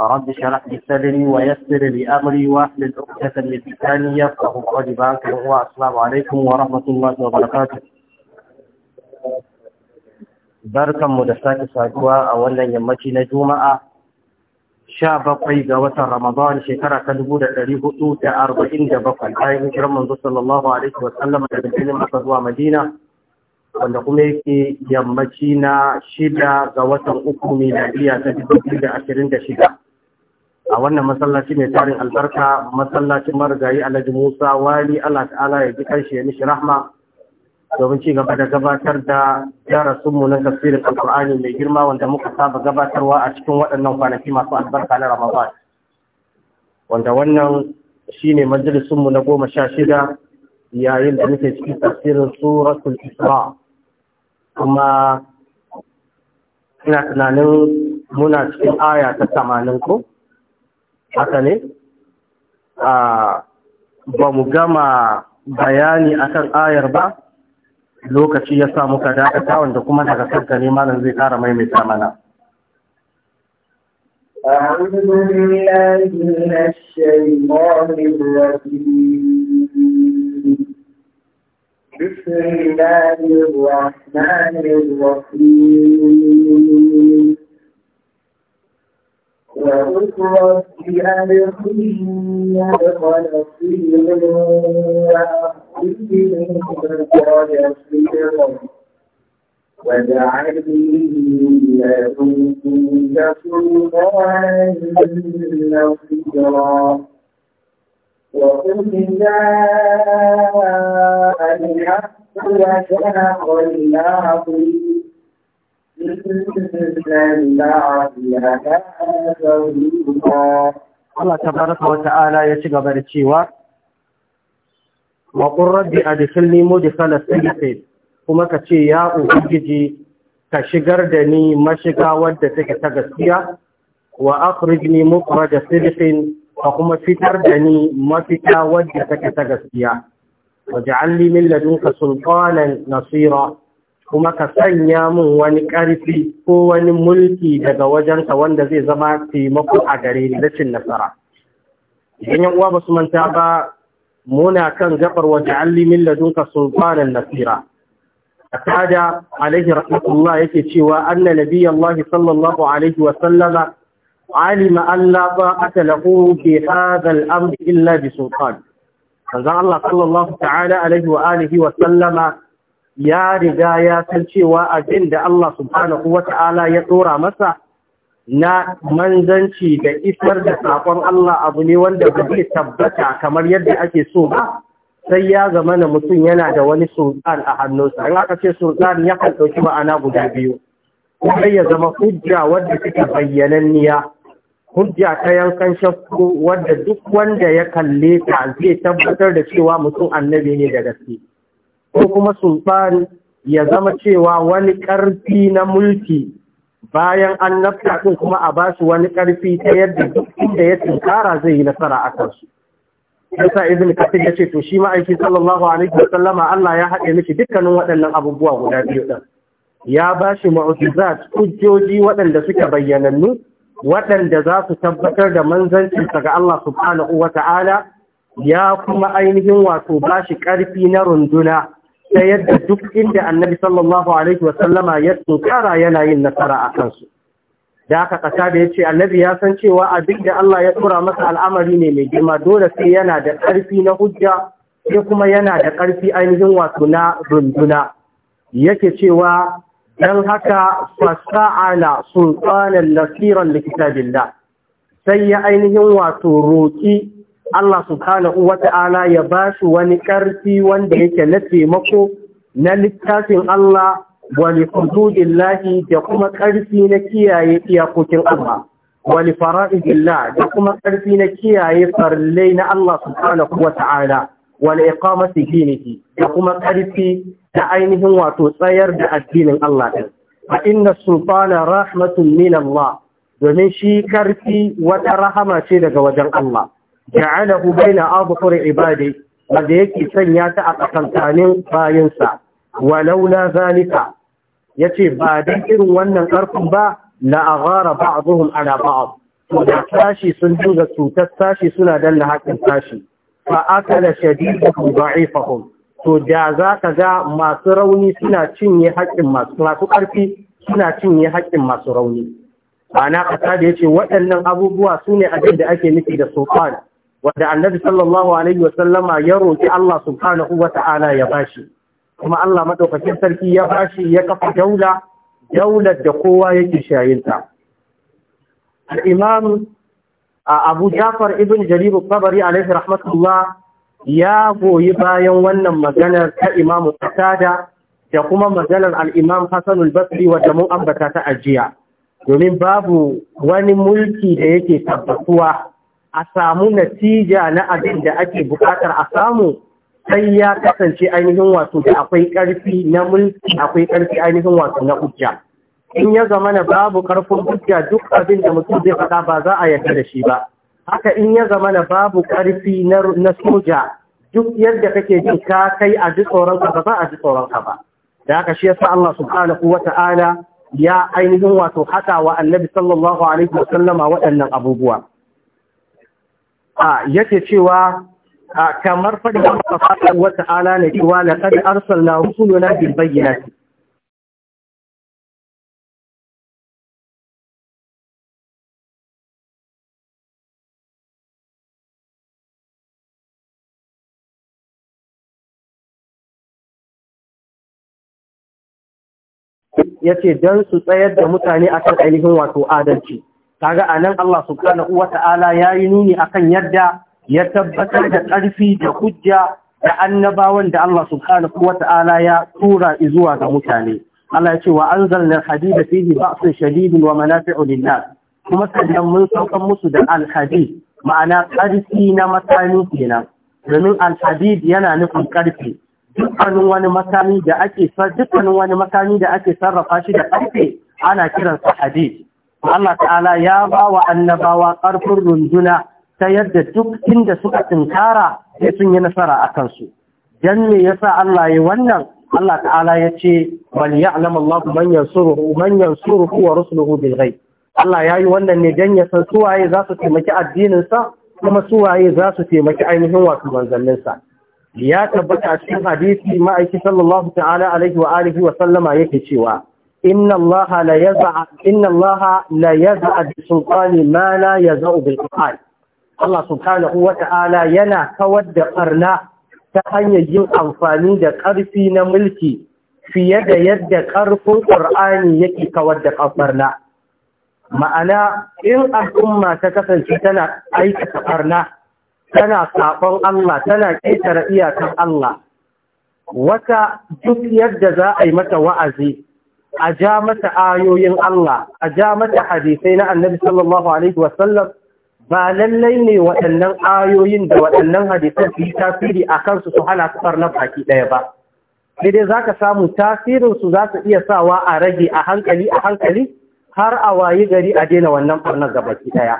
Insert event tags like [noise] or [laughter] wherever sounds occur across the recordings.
رب شرح لي صدري ويسر لي امري واحلل عقدة من لساني يفقه قولي بانك هو السلام عليكم ورحمة الله وبركاته barkan mu da sake saduwa a wannan yammaci na juma'a sha bakwai ga watan ramadan shekara ta dubu da ɗari hudu da arba'in da bakwai bayan hijirar manzo sallallahu alaihi wa sallam da birnin maka zuwa madina wanda kuma yake yammaci na shida ga watan uku miladiya ta dubu da ashirin da shida a wannan masallaci mai tarin albarka masallacin marigayi alhaji musa wali allah ta'ala ya ji karshe ya mishi rahma domin ci gaba da gabatar da mu na tafsirin alkur'ani mai girma wanda muka saba gabatarwa a cikin waɗannan kwanaki masu albarka na ramadan wanda wannan shine majalisunmu na goma sha shida yayin da muke cikin tafsirin suratul isra kuma ina tunanin muna cikin aya ta tamanin ko haka ne a ba mu gama bayani akan ayar ba lokaci ya sa muka dakata wanda kuma daga kanka ne malam zai kara mai mana أعوذ بسم الله الرحمن الرحيم وقل رب أدخلني مدخل صدق وأخرجني مخرج صدق واجعلني من لدنك سلطانا نصيرا وقل جاء الحق وشاق الباطل Allah Ta wa ta'ala ya ci gaba da cewa wa qur rabbi da mudkhala sayyid kuma ka ce ya ubangiji ka shigar da ni mashiga wadda take ta gaskiya wa kuma da sidqin ka kuma fitar da ni mafita wadda take ta gaskiya ji li min ladunka sultanan nasira kuma ka sanya mun wani ƙarfi ko wani mulki daga wajenka wanda zai zama taimako a gare ni na nasara idan yan uwa su manta ba muna kan gabar wa ja'alli min ladunka sultanan nasira akada alaihi rahmatullah yake cewa anna Allah sallallahu alaihi wa sallama alima an la ta'ata lahu bi hadha al-amr illa bi sultan Allah sallallahu ta'ala alaihi wa alihi wa sallama ya riga ya san cewa abin da Allah subhanahu Ta'ala ya tsora masa na manzanci da isar da sakon Allah abu ne wanda ba zai tabbata kamar yadda ake so ba sai ya zama na mutum yana da wani sultan a hannunsa in aka ce sultan ya kan ɗauki ma'ana guda biyu sai ya zama hujja wadda take bayyananniya hujja ta yankan shakku wadda duk wanda ya kalle ta zai tabbatar da cewa mutum annabi ne da gaske ko kuma sultani ya zama cewa wani ƙarfi na mulki bayan an nafta ɗin kuma a bashi wani ƙarfi ta yadda inda ya tunkara zai yi nasara a kansu. Yasa izini Kathir ya ce to shi ma'aiki sallallahu alaihi Sallama Allah ya haɗe miki dukkanin waɗannan abubuwa guda biyu ɗin. Ya ba shi mu'jizat hujjoji waɗanda suka bayyanannu waɗanda za su tabbatar da manzancinsa ga Allah subhanahu wa ta'ala ya kuma ainihin wato ba shi ƙarfi na runduna ta yadda duk inda annabi sallallahu alaihi wasallama ya tsokara yana yin nasara a kansu da aka kasa da ya ce annabi ya san cewa abin da Allah ya tura masa al'amari ne mai girma dole sai yana da ƙarfi na hujja sai kuma yana da ƙarfi ainihin wato na runduna yake cewa 'Yan haka fasa'ala sultanan nasiran likitabillah sai ya ainihin wato roƙi Allah subhanahu wata'ala ya ba shi wani ƙarfi wanda yake na taimako na littafin Allah wani hududillahi da kuma ƙarfi na kiyaye iyakokin Allah wani fara'idillah da kuma ƙarfi na kiyaye farlai na Allah subhanahu wata'ala wani iqamati dinihi da kuma ƙarfi da ainihin wato tsayar da addinin Allah ɗin (A, inna sultana rahmatun min Allah domin shi ƙarfi wata rahama ce daga wajen Allah ja'alahu baina adhfur ibadi wanda yake sanya ta a tsakankanin bayansa walau la zalika yace ba dai irin wannan karfin ba la aghara ba'dhum ala ba'd to da tashi sun duga cutar tashi suna danna haƙin tashi fa akala shadidu da'ifahum to da za ka ga masu rauni suna cinye haƙƙin masu ƙarfi suna cinye haƙƙin masu rauni ma'ana kasa da yace waɗannan abubuwa su ne abin da ake nufi da sofan wanda annabi sallallahu alaihi sallama ya roki Allah subhanahu wata'ala ya bashi kuma Allah madaukakin sarki ya bashi ya kafa daula daular da kowa yake shayinta al-imam Abu Ja'far ibn Jarir al-Tabari alaihi rahmatullah ya goyi bayan wannan maganar ta Imam Qatada da kuma maganar al-Imam al-Basri wanda mun ambata ta ajiya domin babu wani mulki da yake tabbatuwa a samu natija na abin da ake bukatar a samu sai ya kasance ainihin wato da akwai ƙarfi na mulki akwai ƙarfi ainihin wato na hujja in ya zama na babu ƙarfin hujja duk abin da mutum zai faɗa ba za a yarda da shi ba haka in ya zama na babu ƙarfi na soja duk yadda kake jin ka kai a ji ba za a ji tsoronka ba da haka shi yasa Allah subhanahu wa ya ainihin wato haɗa wa annabi sallallahu alaihi wa sallama waɗannan abubuwa yake cewa kamar faɗin Allah fatan wata ala ne cewa na arsalna na bil bayyinati ya ce don su tsayar da mutane a kan ainihin wato adalci kaga anan Allah subhanahu wata'ala yayi nuni akan yadda ya tabbatar da ƙarfi da hujja da annabawan da Allah subhanahu wata'ala ya tura zuwa ga mutane Allah ya ce wa anzalna al-hadida fihi ba'sun shadidun wa manafi'u lin-nas kuma sannan mun saukar musu da al-hadid ma'ana ƙarfi na matani kenan domin al-hadid yana nufin ƙarfi dukkanin wani makami da ake dukkanin wani da ake sarrafa shi da ƙarfe ana kiransa hadid Allah ta'ala ya ba wa annabawa ƙarfin runduna ta yadda duk inda suka tinkara ya sun yi nasara a kansu. Dan me sa Allah ya wannan Allah ta'ala ya ce bal alama Allah manyan suruhu, manyan suruhu wa rusuluhu bil ghaib. Allah ya yi wannan ne don ya san suwaye za su taimaki addininsa kuma suwaye za su taimaki ainihin wasu manzanninsa. Ya tabbata cikin hadisi ma'aiki sallallahu ta'ala alaihi wa alihi wa sallama yake cewa إن الله لا يزع إن الله لا يزع بالسلطان ما لا يزع بالقرآن الله سبحانه وتعالى ينا كود قرنا تهيجين أنفاني دا قرفي نملكي في يد يد قرف القرآن يكي كود قرنا ma'ana in al'umma ta kasance tana aikata ƙarna tana saƙon Allah tana ƙetare iyakan Allah wata duk yadda za a yi mata wa'azi a ja mata ayoyin Allah a ja mata hadisai na annabi sallallahu alaihi wasallam ba lallai ne waɗannan ayoyin da waɗannan hadisai su yi tasiri a kansu su hana su farna baki ɗaya ba sai dai za ka samu tasirinsu za su iya sawa a rage a hankali a hankali har a wayi gari a daina wannan farnar gabaki ɗaya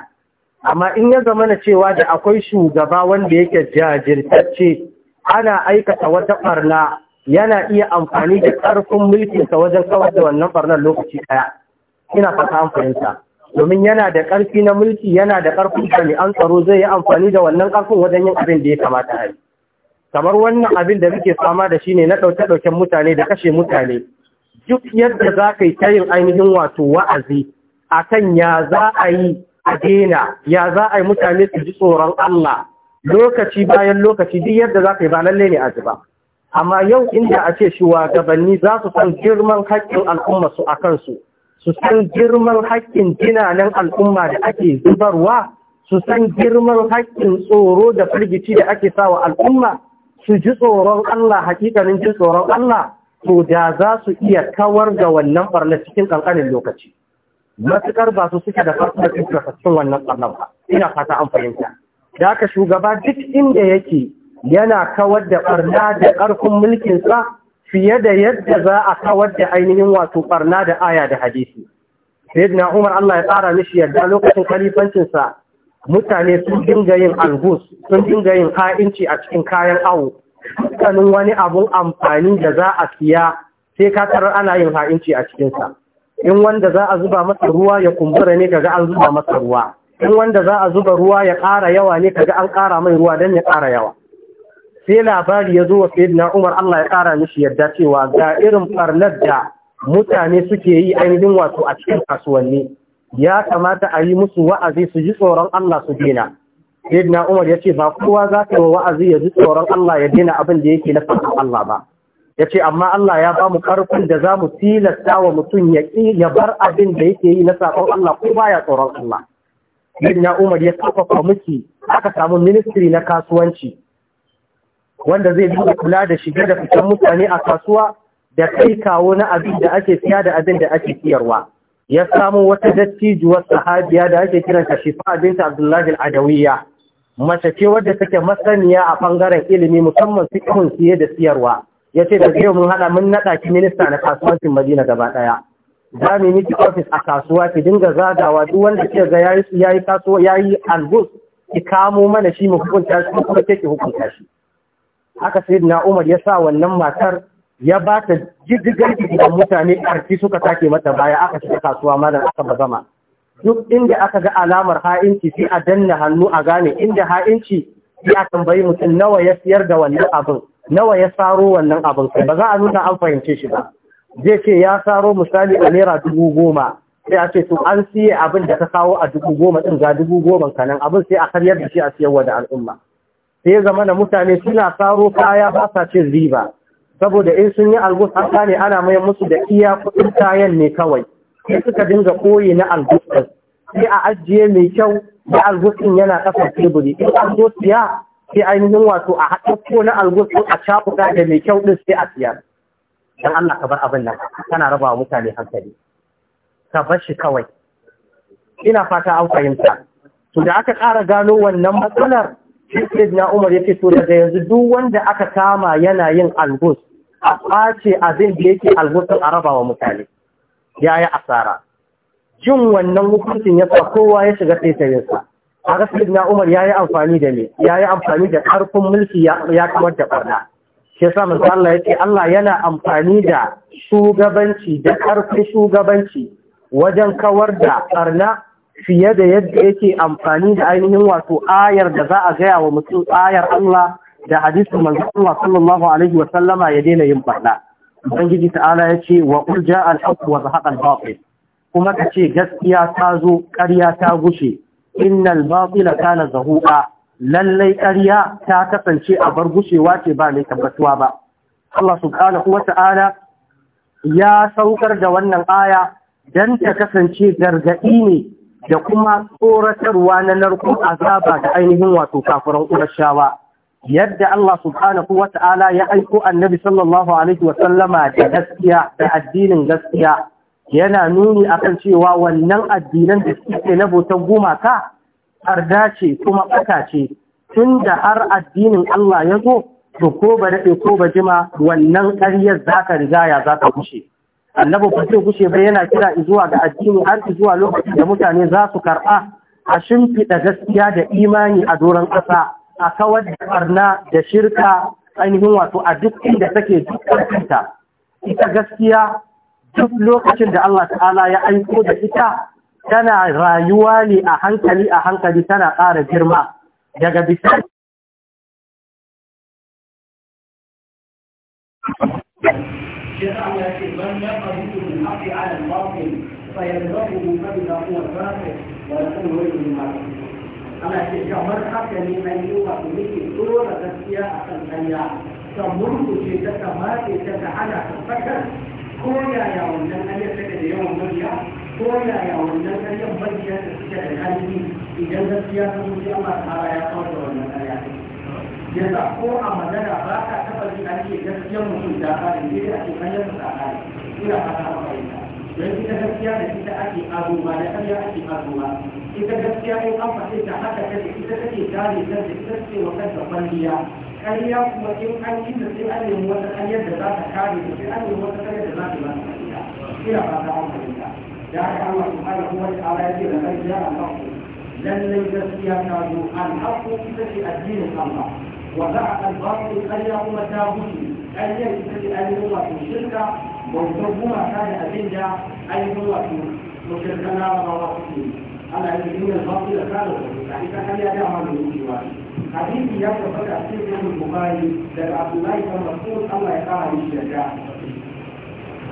amma in ya zama na cewa da akwai shugaba wanda yake jajirtacce ana aikata wata ɓarna yana iya amfani da ƙarfin mulkinsa wajen kawar da wannan barnar lokaci ɗaya ina fata amfaninsa domin yana da ƙarfi na mulki yana da ƙarfin jami'an tsaro zai yi amfani da wannan ƙarfin wajen yin abin da ya kamata a yi kamar wannan abin da muke fama da shi ne na ɗauke-ɗauken mutane da kashe mutane duk yadda za ka yi ta yin ainihin wato wa'azi a kan ya za a yi a daina ya za a yi mutane su ji tsoron Allah lokaci bayan lokaci duk yadda za ka yi ba lallai ne a ji amma yau inda a ce shugabanni za su san girman haƙƙin al'umma su a kansu su san girman haƙƙin jinanen al'umma da ake zubarwa su san girman haƙƙin tsoro da firgici da ake sawa al'umma su ji tsoron Allah hakikanin ji tsoron Allah to da za su iya kawar da wannan barna cikin ƙanƙanin lokaci matuƙar ba su suke da da cikin wannan barna ba ina fata an fahimta da aka shugaba duk inda yake yana kawar da ɓarna da ƙarfin mulkinsa fiye da yadda za a kawar da ainihin wato ɓarna da aya da hadisi. Sai na Umar Allah ya tsara mishi yadda lokacin kalifancinsa mutane sun dinga yin algus, sun dinga yin ha'inci a cikin kayan awo, kanin wani abun amfani da za a siya sai ka tarar ana yin ha'inci a cikinsa. In wanda za a zuba masa ruwa ya kumbura ne kaga an zuba masa ruwa. In wanda za a zuba ruwa ya ƙara yawa ne kaga an ƙara mai ruwa don ya ƙara yawa. sai labari ya zo wa sayyidina Umar Allah ya kara mishi yadda cewa ga irin farnar da mutane suke yi ainihin wato a cikin kasuwanni ya kamata a yi musu wa'azi su ji tsoron Allah su daina. sayyidina Umar ya ce ba kowa za ka wa wa'azi ya ji tsoron Allah ya dina abin da yake na fatan Allah ba ya ce amma Allah ya ba mu karfin da za mu tilasta wa mutum ya ya bar abin da yake yi na saƙon Allah ko baya tsoron Allah sayyidina Umar ya kafa kwamiti aka samu ministry na kasuwanci wanda zai dinga kula da shiga da fitan mutane a kasuwa da kai kawo na abin da ake siya da abin da ake siyarwa ya samu wata dattijuwar sahabiya da ake kiran kiranta shifa binta abdullahi al-adawiya mace ce wadda take masaniya a bangaren ilimi musamman fiqhun siye da siyarwa Ya ce da yau mun hada mun nada ki minista na kasuwancin Madina gaba ɗaya. za mu miki office a kasuwa ki dinga zagawa duk wanda ke ga yayi yayi kasuwa yayi albus ki kamo mana shi mu hukunta shi kuma ke ki hukunta shi haka sai na umar ya sa wannan matar ya ba ta jijjigar da mutane ƙarfi suka take mata baya aka shiga kasuwa mana aka ba zama duk inda aka ga alamar ha'inci sai a danna hannu a gane inda ha'inci sai a tambayi mutum nawa ya siyar da wannan abin nawa ya saro wannan abin ba za a nuna an fahimce shi ba zai ce ya saro misali a naira dubu goma sai a ce to an siye abin da ka kawo a dubu goma ɗin ga dubu goma kanan abin sai a karyar da shi a siyarwa da al'umma sai zama da mutane suna tsaro kaya ba sa cin riba saboda in sun yi albus ne ana mai musu da iya kudin kayan ne kawai sai suka dinga koyi na albus sai a ajiye mai kyau da albus yana kasar teburi in an zo siya sai ainihin wato a ko na albus a cakuɗa da mai kyau ɗin sai a siya dan Allah ka bar abin nan kana raba mutane hankali ka bar shi kawai ina fata an fahimta to da aka ƙara gano wannan matsalar sai na umar ya ce so daga yanzu duk wanda aka kama yana yin algus a ɓace abin da yake algusin a rabawa mutane ya yi asara jin wannan hukuncin ya sa kowa ya shiga taitayinsa a gaskiyar na umar ya yi amfani da ne ya yi amfani da ƙarfin mulki ya kamar da ɓarna Ke sa manzo Allah ya ce Allah yana amfani da shugabanci da ƙarfin shugabanci wajen kawar da ɓarna fiye da yadda yake amfani da ainihin wato ayar da za a gaya wa mutum ayar Allah da hadisin manzon Allah sallallahu alaihi wa sallama ya daina yin barna ubangiji ta'ala ya ce wa qul ja'a al-haqq wa zahaqa al-batil kuma ka ce gaskiya ta zo ƙarya ta gushe innal batila kana zahuqa lallai ƙarya ta kasance a bar gushewa ce ba mai tabbatuwa ba Allah subhanahu wa ta'ala ya saukar da wannan aya dan ta kasance gargaɗi ne da kuma tsoratarwa na narko azaba da ainihin wato kafiran ƙurashawa yadda Allah subhanahu wa ta'ala ya aiko annabi sallallahu alaihi wa da gaskiya da addinin gaskiya yana nuni akan cewa wannan addinan da suke na goma gumaka arda ce kuma ɓata ce tun da har addinin Allah ya zo to ko ba daɗe ko ba jima wannan ƙaryar za ka riga ya za ka kushe annabi ba ce kushe ba yana kira zuwa ga addini har zuwa lokacin da mutane za su karɓa a shimfiɗa gaskiya da imani a doron ƙasa a kawar da barna da shirka ainihin wato a duk inda take duk ƙarfinta ita gaskiya duk lokacin da Allah ta'ala ya aiko da ita tana rayuwa ne a hankali a hankali tana ƙara girma daga bisani شيخ عمي يقول من يقبض بالحق على الباطل فيرزقه فإذا هو فاسق ويكون ويل لما أنا شيخ عمر حتى أن يوقف منك صورة تسكية أحسن أيام فمنذ شيخك ما تتحدث فكر كل يا لن أن يوم مرجع koya يا wannan أن bayyana يوم مرجع da kalmi إذا gaskiya ta mutu تعالى يا ya kawo da yasa ko a magana ba ka taɓa ji an ce gaskiyar mutum ba da ne da ake kanyar su ta kare ina fata a fahimta don ita gaskiya da ita ake ado ba da ƙarya ake ado ba ita gaskiya in an fashe ta haka da ita take kare da ita ce wa kanta kwalliya ƙarya kuma in an yi da sai an nemi wata ƙaryar da za ta kare da sai an nemi wata ƙaryar da za ta ba ta ƙarya ina fata a fahimta da haka Allah subhanahu wa ta'ala ya ce da ƙarya Allah lallai gaskiya ta zo al-haqqu ita ce addinin Allah وبعد الباطل أن يقوم تاهن أن يجب أن يقوم في الشركة موضوعهما كان أدلة أن يكون في مشركنا ومواقفين على أن يكون الباطل كانوا يعني كان يدعم من الجوار حديث يبدو فتح سيدنا البخاري لدى عبد الله بن مسعود الله يقال عليه الشجاع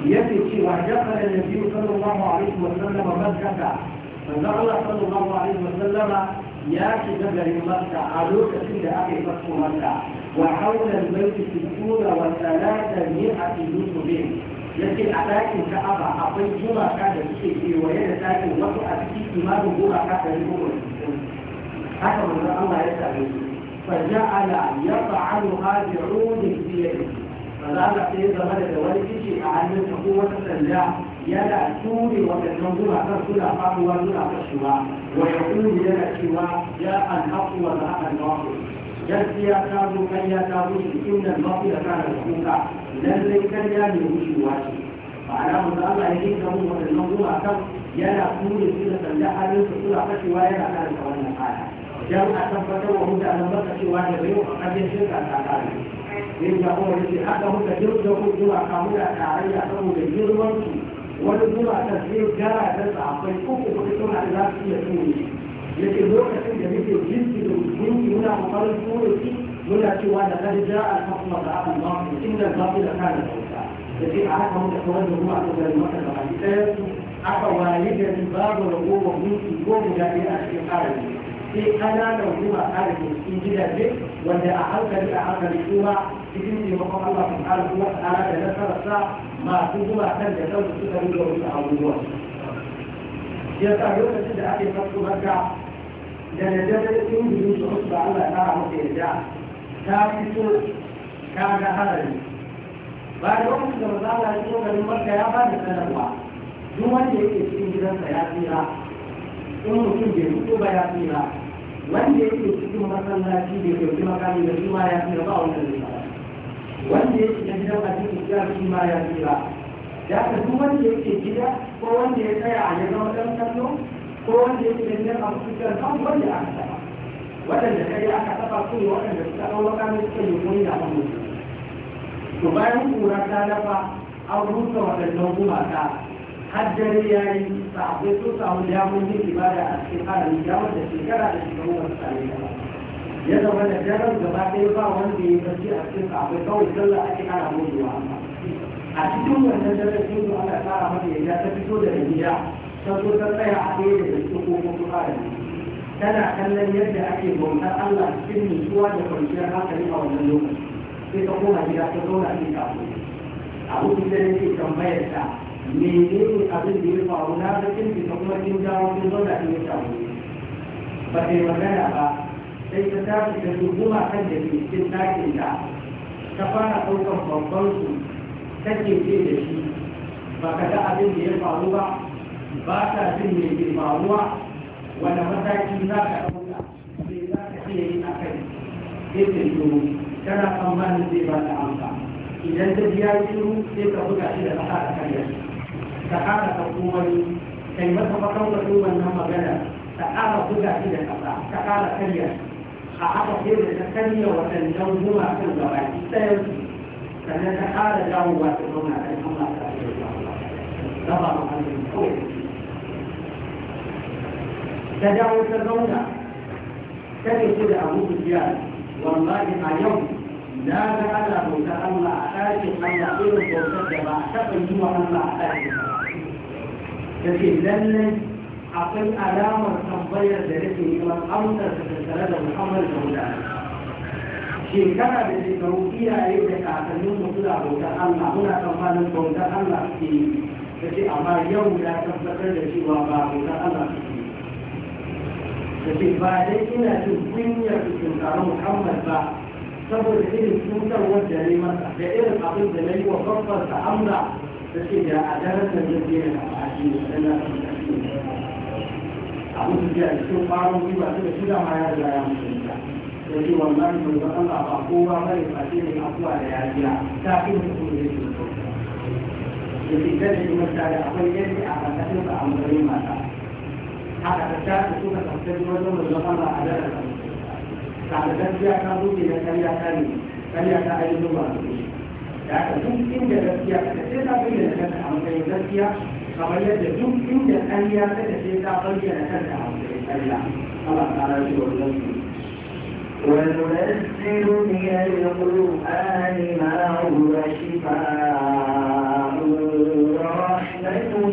يبكي وحجبنا النبي صلى الله عليه وسلم مكة فزعل صلى الله عليه وسلم ya shiga garin makka a lokacin da aka yi fasko makka wa haular baiti sittura wa talata ne a filin ya ce a ɗakin ka'aba akwai gumaka da suke kewaye da ɗakin wasu a cikin imanin gumaka da rikon haka manzo Allah ya same su فجعل يفعل هذه عود في يده فذلك سيد غدا دوالي تشي أعلم تقوة السلاح yana ture waɗannan kan suna faruwa suna fashewa wa ya kuni yana cewa ya an haku wa za a nawa gaskiya ya zo kanya ya zo shi inda mafi da kana da kuka lallai kanya ne wucewa ce ma'ana mu Allah ya yi gamu waɗannan guraben yana ture su da sanda su suna fashewa yana karanta wannan aya dan a tabbatar wa mutanen baka cewa da bai wa kafin shirka ta kare yin da kuma yake haka muka jirga kuma kamu da tarayya saboda girman su ونظر تسليم جرى تسعى فيكوكو بكتون على الناس يكوني لكن لو كتن جميل يجلس بالجنس هنا مقارن كورتي هنا سوى لقد جاء الحق مضاعف الله إن الباطل كان موسى لكن عاقه الإخوان هو أحد المكة الحديثات عفى والدة الباب ولقوه منك يوم جاء إلى أشكال sai ƙananan gumaka da ke cikin gidaje wanda a hankali a hankali kuma cikin taimakon Allah subhanahu wa ta'ala da nasararsa masu gumakan da kansu suka rinka wasu abubuwa ya sa lokacin da ake farko maka da na najasar injinin su wasu da Allah ya ta maka yarda ta fito ta ga harari ba da lokacin da maza Allah ya fito garin maka ya ba da sanarwa duk wanda yake cikin gidansa ya tsira in mutum bai fito ba ya tsira wanda yake cikin masallaci da ke kuma kami da shi ma ya fi ba wannan ne wanda yake da gidan addini ya shi ma ya fi ba da ka duk wanda ke gida ko wanda ya tsaya a gidan wadan kallo ko wanda ya yake da gidan abubuwan kan wanda aka saba waɗanda yi aka saba su ne waɗanda suka ɗau makami suka yi koyi da abu to bayan kura ta dafa an rusa waɗannan gumaka hajjar ya yi sahabbai sun ya mun yi ibada a cikin harami ya da shekara da shekaru ba su same ta ya zama da daren gaba ɗaya ba wanda ya barci a cikin sahabbai kawai sallah ake ana mutuwa a cikin wannan daren sun zo ana tsara mata yadda ta fito da gida ta zo ta tsaya a ɗaya daga cikin kofofin harami tana kallon yadda ake bautar Allah cikin nutsuwa da kwanciyar hankali a wannan lokaci sai ta koma gida ta zauna a cikin kafin abu da yake tambayar ta menene abin da ya faru na da kin ki kuma kin dawo kin zauna kin yi samu ba ta yi ba sai ta tashi ta tuhuma kan da ke cikin ta fara ɗaukar babban su take da shi ba ka ga abin da ya faru ba ba ta jin me ke faruwa wanda mataki za ka ɗauka me za ka iya a kai sai ta yi tana zai amsa idan ta biya shiru sai ka buga shi da ƙasa a karyar da haka ka kuma ni kai masa makauka tuban nan magana ta ƙara buga shi da ƙasa ta ƙara karya a haka sai da ta karya waɗannan gumakan gabaki ɗayan sannan ta ƙara dawowa ta zauna kan Allah ta raba ma hannun kawai ta dawo ta zauna ta ne ce da abu biya wallahi a yau na ga ana bauta Allah a ɗakin Allah irin bautar da ba a taɓa yi wa Allah a ɗakin Allah ta lalle lallai akwai alamar tambayar da yi wa amsar da tattare da muhammad da wuta shekara da shekaru iyaye da kakannin mu suna bautar allah muna tsammanin bautar allah suke yi ta ce amma yau ya tabbatar da cewa ba bautar allah suke yi da ce ba dai ina jin kunyar tunkarar muhammad ba saboda irin cutarwar da ne masa da irin abin da na yi wa babbar amma take da a darasa ne ke da amfani da sallah da a mutu da cikin farin gwiwa suka shi da ya riga ya mutu. da ke wannan manzon Allah ba kowa bane face ne afuwa da yajiya ta fi mutum da yake da ke kada ki manta akwai yadda a ƙarƙashin sa a mutane mata haka ta tafi suka tsaftace wajen manzon Allah a darasa ta da gaskiya ta zo ke da karya ta ne karya ta ayyukan ba su da aka duk inda gaskiya ta ce ta bayyana gaskiya kamar yadda duk inda ƙarya ta ce ta bayyana وننزل من القرآن ما هو شفاء ورحمة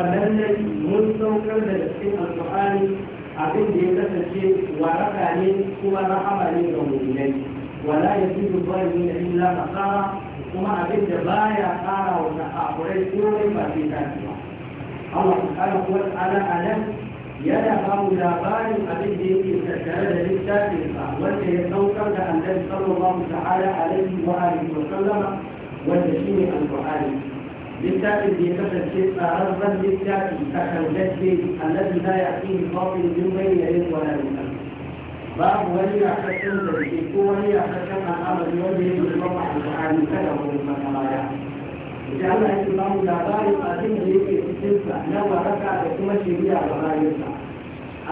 kuma lallai mun saukar da cikin alƙur'ani abin da ya kasance waraka ne kuma rahama ne ga mu'minai wala yazidu zalimina illa khasara kuma abin da baya ƙara wa ta'akurai komai ba sai ta ba Allah subhanahu wa ta'ala anan yana ba mu labarin abin da yake tattare da littafinsa wanda ya saukar da annabi sallallahu ta'ala alaihi wa alihi wa sallama wanda shine alqur'ani littafin da ya kasance tsararren littafi a kan gaske allazi la ya'tihi batil min bayni yadayhi wa la min babu wani yakacin da ke ko wani yakacin al'amari wanda ya yi mafa alƙur'ani kada wani makamaya idan Allah ya ba mu labarin abin da yake cikinsa na waraka da kuma shiriya ga bayansa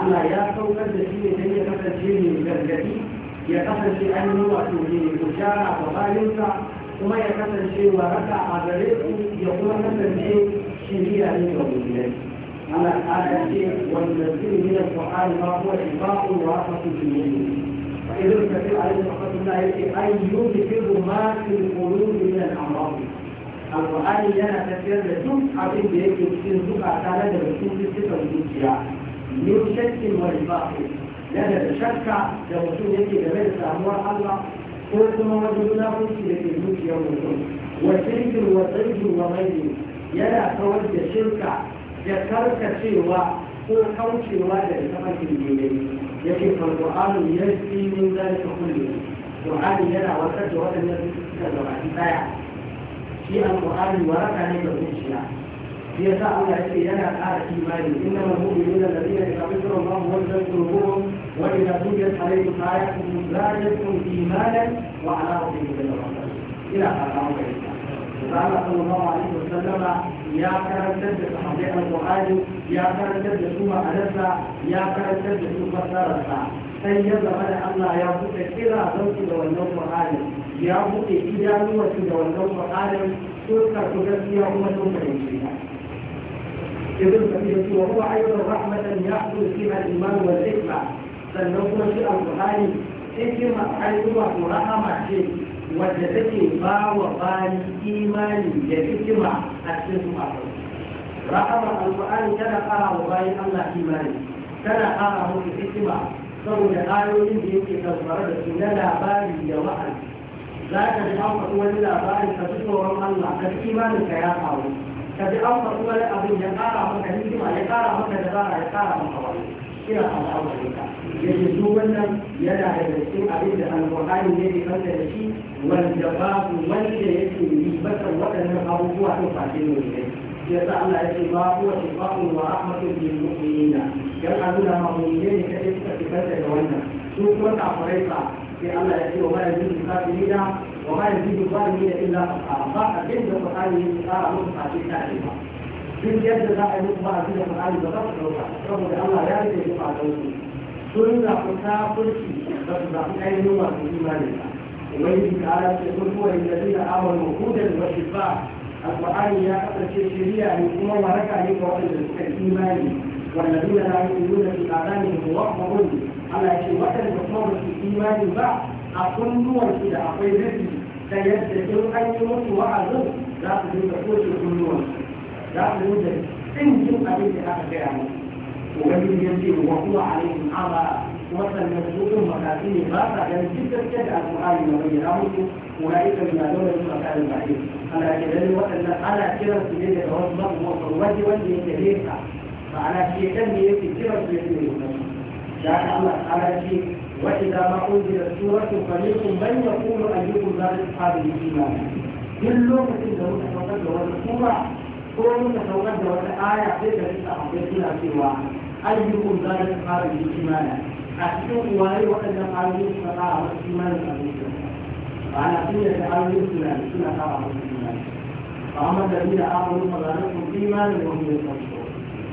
Allah ya saukar da shi ne don ya kasance mai gargadi ya kasance an yi wato ne bishara ga bayansa kuma ya kasance waraka a gare ku ya kuma kasance shiriya ne ga musulmai ana ƙara ce wanda zai yi da ƙwa'ani ma ko da ba ku wa ka ku ji ne idan ka fi alim rahmatullah yake ai yubi kiru ma fil qulubi min al-amrad al-qur'ani yana tafiyar da duk abin da yake cikin zukata na daga cikin cikin zuciya min shakkin wa ribahi yana da shakka da mutum yake game da samuwar Allah ko kuma wani munafunci da ke zuciyar mutum wa shirkin wa tsarkin yana kawar da shirka da karkacewa ko kaucewa da tafarkin dole ya ce farko'anu ya fi min zalika kullum Qur'ani yana wasar da waɗannan cututtuka gabaki ɗaya shi al-Qur'ani waraka ne ga zuciya shi yasa yana ƙara imani inna al-mu'minuna alladhina idza dhukira وإذا توجد عليكم آية زادتكم إيمانا وعلى ربكم بالرحمة إلى آخر قال صلى الله عليه وسلم يا كان تجد صحابي القرآن يا كان تجد ثم أنسى يا كان تجد ثم سرسى سيد من أن يا بوك إلى ذوك والنوم عالم يا بوك إلى نوت والنوم عالم تلك تجسي أمة فإنشيها ابن سبيل وهو أيضا رحمة يحصل فيها الإيمان والحكمة sannan kuma shi alƙur'ani hikima ayyuka ko rahama ce wadda take ba wa bani imani da hikima a cikin su rahamar alƙur'ani tana ƙara wa bayan Allah imani tana ƙara musu hikima saboda ayoyin da yake saurare da su na labari da wa'azi za ka ji an faɗi wani labari ka fi tsoron Allah ka fi imanin ka ya kawo ka ji an faɗi wani abin ya ƙara maka hikima ya ƙara maka dabara ya ƙara maka wani ina al'amarin ka yake su wannan yana da cikin abin da alƙur'ani ne ke kanta da shi wanda babu wanda yake yi masa waɗannan abubuwa sun fashe ne ne ya sa Allah ya ce ba huwa shifa'un wa rahmatun lil mu'minina dan azuna ma mu'minai ne kadai suka fitar da wannan su kuma kafirai fa sai Allah ya ce wa ma yajidu kafirina wa ma yajidu zalimina illa ba abin da Qur'ani ya tsara musu fashe ta ba duk yadda za a yi musu ba abin da Qur'ani ba za su dauka saboda Allah ya rike su a dauki sun zaɓi kafirci ba su zaɓi ainihin masu imani ba ubangiji ta ala ce sun kuwa yin gari da amon da wasu ba alƙur'ani ya kasance shari'a ne kuma waraka ne ga waɗanda suka imani والذين ba يؤمنون في آذانهم وقر على شيء da بصور في إيمان بعد أقول نور إذا أقول ربي za su يموت وعظم لا تدرك za su لا تدرك إن جمع به هذا الكلام والذي يجب وقوع عليهم على وصل مسؤول مكاسب الغابة لأن تلك الكتاب القرآن المبين له أولئك ينادون بمكان البعيد على كذلك وأن على كرة سبيل الرسول وصل وجه وجه كبيرة فعلى في تنمية كرة سبيل الرسول لأن الله تعالى في وإذا ما أنزلت سورة فريق من يقول أيكم زاد أصحاب الإيمان كل مثل ذلك توقد ولا سورة كل متوقد ولا آية تلك في الواحد arzikin zai ta fara da kimana a cikin wani waɗanda fara da suna fara da kimana a cikin ba na sun yadda arzikin suna da suna fara da kimana ba amma da zai da abubuwan fara da kimana da wani yadda su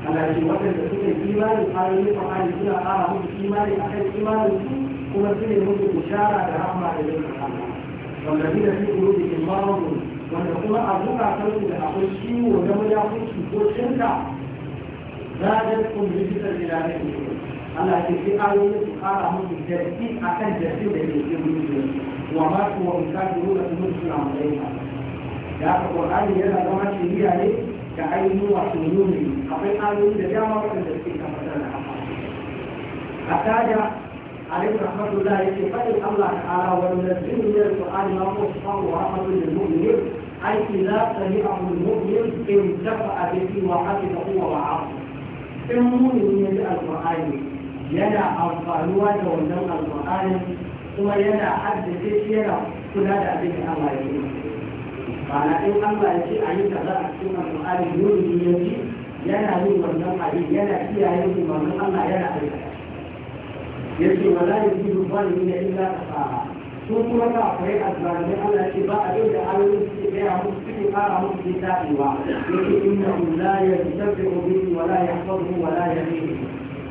ana shi waɗanda suka yi kimana da fara da kimana suna fara da kimana a kan kimana su kuma su ne mutu bishara da rahama da yin kasama wanda zai da su kuro da kimanin wanda kuma a zukatansu da akwai ciwo na mayakunci ko cinta zadatkum rijistar ilahin Allah ke sai ayoyin su kara musu jarki a kan jarki da ke cikin mutum wa ma su wa musafiru da kuma suna mulaika da aka ƙwarƙani yana zama shiriya ne da ainihin wasu nuni akwai ayoyi da dama waɗanda suke tabbatar da haka a tada alaihi rahmatullah yake faɗin Allah ta'ala wanda zai yi alƙur'ani ma ko su samu wa rahmatul lil mu'minin ai idza sami'ahu al mu'min in dafa'a bihi wa hafizahu wa wa'ahu in munin ya ji alƙur'ani yana amfanuwa da wannan alƙur'ani kuma yana haddace shi yana kula da abin da Allah ya yi ma'ana in Allah ya ce a yi kaza a cikin alƙur'ani mumin ya ji yana yi wannan abin yana kiyaye umarnin Allah yana aikata yace wala yuzidu zalimina illa kafaha sun kuma ka koyi azbani Allah ce ba abin da ayoyin suke gaya musu suke fara musu ke daɗewa yake inna la ya tabi'u bihi wa la yahfazuhu wa la yamihi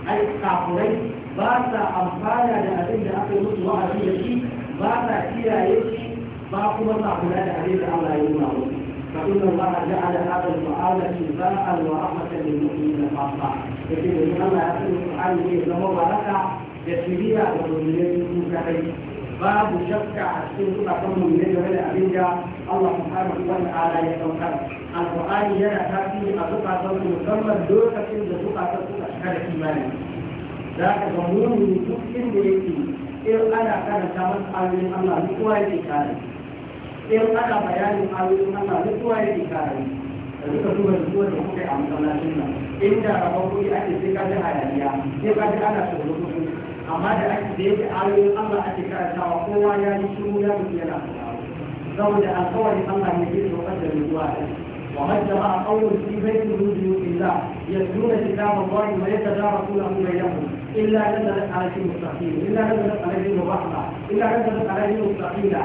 ai kafurai ba sa amfana da abin da aka yi musu wa'azi da shi ba sa kiyaye shi ba kuma sa kula da abin da Allah ya nuna musu فإن الله جعل هذا القرآن شفاء ورحمة للمؤمنين خاصة. لكن الله يقول القرآن له بركة يشفيها وتبين المتقين. babu shakka a cikin zukatan mu ne game da abin da Allah subhanahu wa ta'ala ya saukar alqur'ani yana tasiri a zukatan mu musamman lokacin da zukatan suka shiga da imani za ka ga mumin duk inda yake in ana karanta masa ayoyin Allah ya yake kare in ana bayanin ayoyin Allah ya yake kare da duka duba da duwa da kuka yi a masallacin nan inda rabon kuɗi ake sai ka ji hayaniya sai ka ji ana tsoro kuɗi amma da ake da yake ayoyin Allah ake karantawa kowa ya yi shiru ya mutu yana saboda alkawarin Allah ne ke saukar da ruwa وقد جاء قول في بيت الوجود الله يتلون كتاب الله ويتدارسونه بينهم الا نزلت عليهم السخيل الا نزلت عليهم الرحمه الا نزلت عليهم السخيله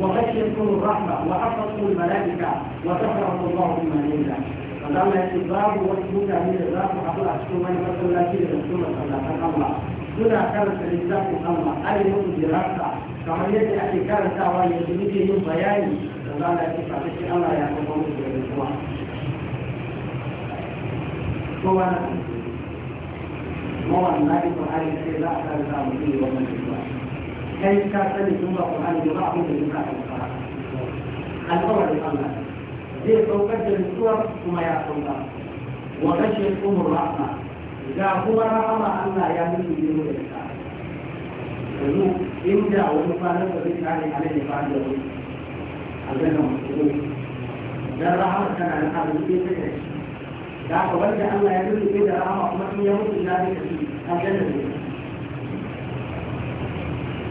وغشيتهم الرحمه وحفظكم الملائكه وسخرهم الله بمن يشاء فلما يتباب وسجود من الراس وحصل اشكر من يفصل لا شيء من سوره الله suna karanta littafin Allah ai mun jirarsa kamar yadda ake karantawa yanzu muke yin bayani da za a yi fasashe Allah ya kuma musu da rikuwa. Kowa na mawan na yi Qur'ani sai za a karanta mutum ya wannan rikuwa. Kai ka sani sun ba Qur'ani ba abin da duka a fara. Alƙawarin Allah zai saukar da rikuwa kuma ya sauka. Wa kashe umar rahma ga kuma rahama Allah ya mutu ne mu da ta yanzu inda wani kwanan da zai kare a nan ya fara da wani a zanen mutu dan rahama tana da abin da da kai da ka wanda Allah ya mutu ne da rahama kuma in ya mutu da shi a zanen ne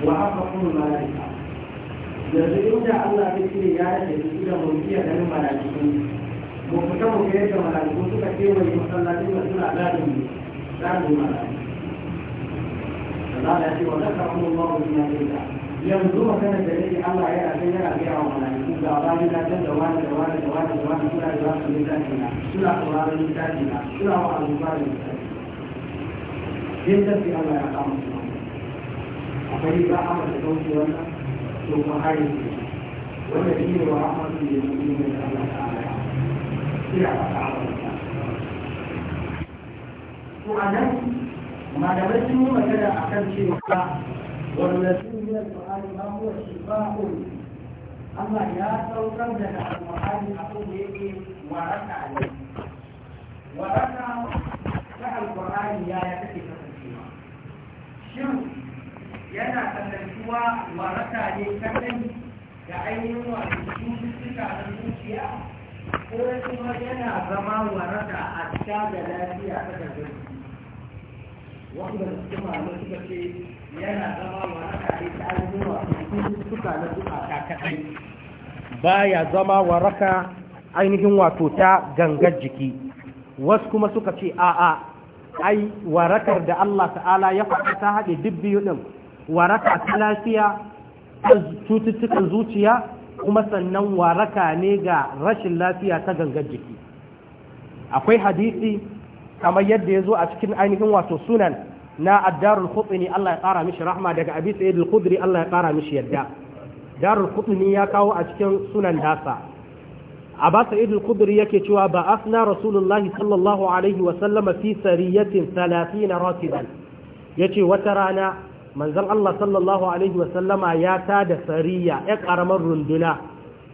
wa haka kuma mala'ika yanzu da Allah ya ce ya rike su da mulkiya da mala'ikun mu fita mu ga yadda mala'ikun suka kewaye masallacin da suna gadin mu بعد ما فقال يأتي وذكرهم الله في نبيه ينظر كان الدليل الله يرى كي يرى بيع وملائكه بعضان لا جد وانا وانا وانا وانا كل عباد من ذاتنا كل أقرار من ذاتنا كل أقرار من ذاتنا جدا في الله يقام أخي باع أمر الكون ولا سوف حيث والذين ورحمة للمؤمنين الله تعالى في to a nan malamai sun yi magana a kan cewa wallazin min al-qur'ani ma huwa shifa'un Allah ya saukar da al-qur'ani abin da yake waraka ne waraka ta al-qur'ani ya ya take kasancewa shin yana kasancewa waraka ne kadai da ainihin wasu cututtuka na zuciya ko kuma yana zama waraka a cikin da lafiya ta gaggawa wanda suka suka ce yana zama waraka ne ta cikin suka na kaɗai baya zama waraka ainihin wato ta gangar jiki wasu kuma suka ce a'a ai warakar da Allah ta'ala ya faɗa ta haɗe duk biyu ɗin waraka ta lafiya cututtukan zuciya kuma sannan waraka ne ga rashin lafiya ta gangar jiki akwai hadisi kamar yadda ya zo a cikin ainihin wato sunan na addarul khutni Allah ya kara mishi rahma daga abi sa'id al-khudri Allah ya mishi yadda darul khutni ya kawo a cikin sunan dasa Aba Sa'id al yake cewa ba asna Rasulullahi sallallahu alaihi wa sallama fi sariyatin 30 ratiban yace wata rana manzon Allah sallallahu alaihi wa sallama ya tada sariya ya karamar runduna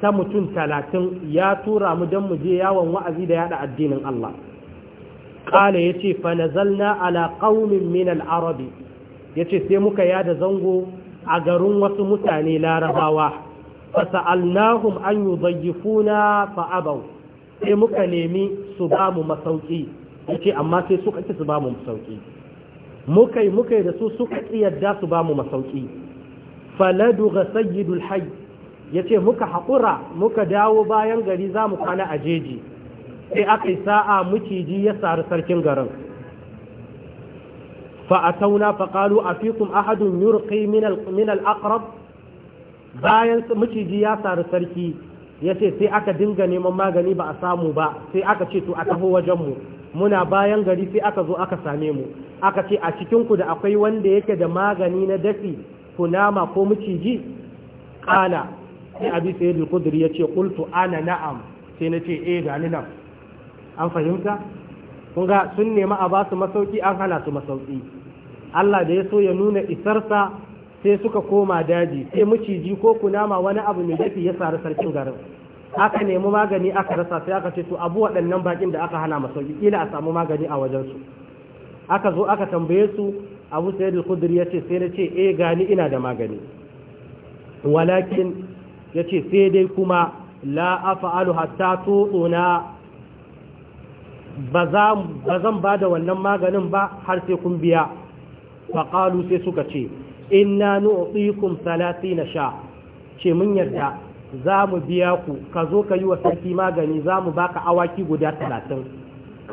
ta mutum 30 ya tura mu dan mu je yawon wa'azi da yada addinin Allah ƙala ya ce fanazalna ala ƙaunin minal arabi ya ce sai muka yada zango a garin wasu mutane larabawa fasa'alnahum an yi fa fa'abau sai muka nemi su ba mu masauki ya ce amma sai suka ce su ba mu masauki muka yi muka yi da su suka ƙi yadda su ba mu masauki faladu ga sayyidul hay ya ce muka haƙura muka dawo bayan gari za mu kwana a jeji sai aka yi sa'a maciji ya sari sarkin garin fa a tauna fa ƙalu a fikun ahadun yurƙi min al'aƙarab bayan maciji ya sari sarki ya ce sai aka dinga neman magani ba a samu ba sai aka ce to a taho wajenmu muna bayan gari sai aka zo aka same mu aka ce a cikinku da akwai wanda yake da magani na dafi kunama ko maciji? ƙala sai abi sayyidul ya ce qultu ana na'am sai nace eh ga ni an fahimta kun ga sun nema a ba su masauki an hana su masauki Allah da ya so ya nuna isarsa sai suka koma daji sai maciji ko kunama wani abu mai dafi ya sari sarkin garin aka nemi magani aka rasa sai aka ce to abu waɗannan bakin da aka hana masauki kila a samu magani a wajen su aka zo aka tambaye su abu sayyid al ya ce sai na ce eh gani ina da magani walakin ya ce sai dai kuma la afa'alu hatta na. ba zan ba da wannan maganin ba har sai kun biya faƙalu sai suka ce inna nu'tikum 30 sha ce mun yarda za mu biya ku ka zo ka yi wa sarki magani za mu baka awaki guda 30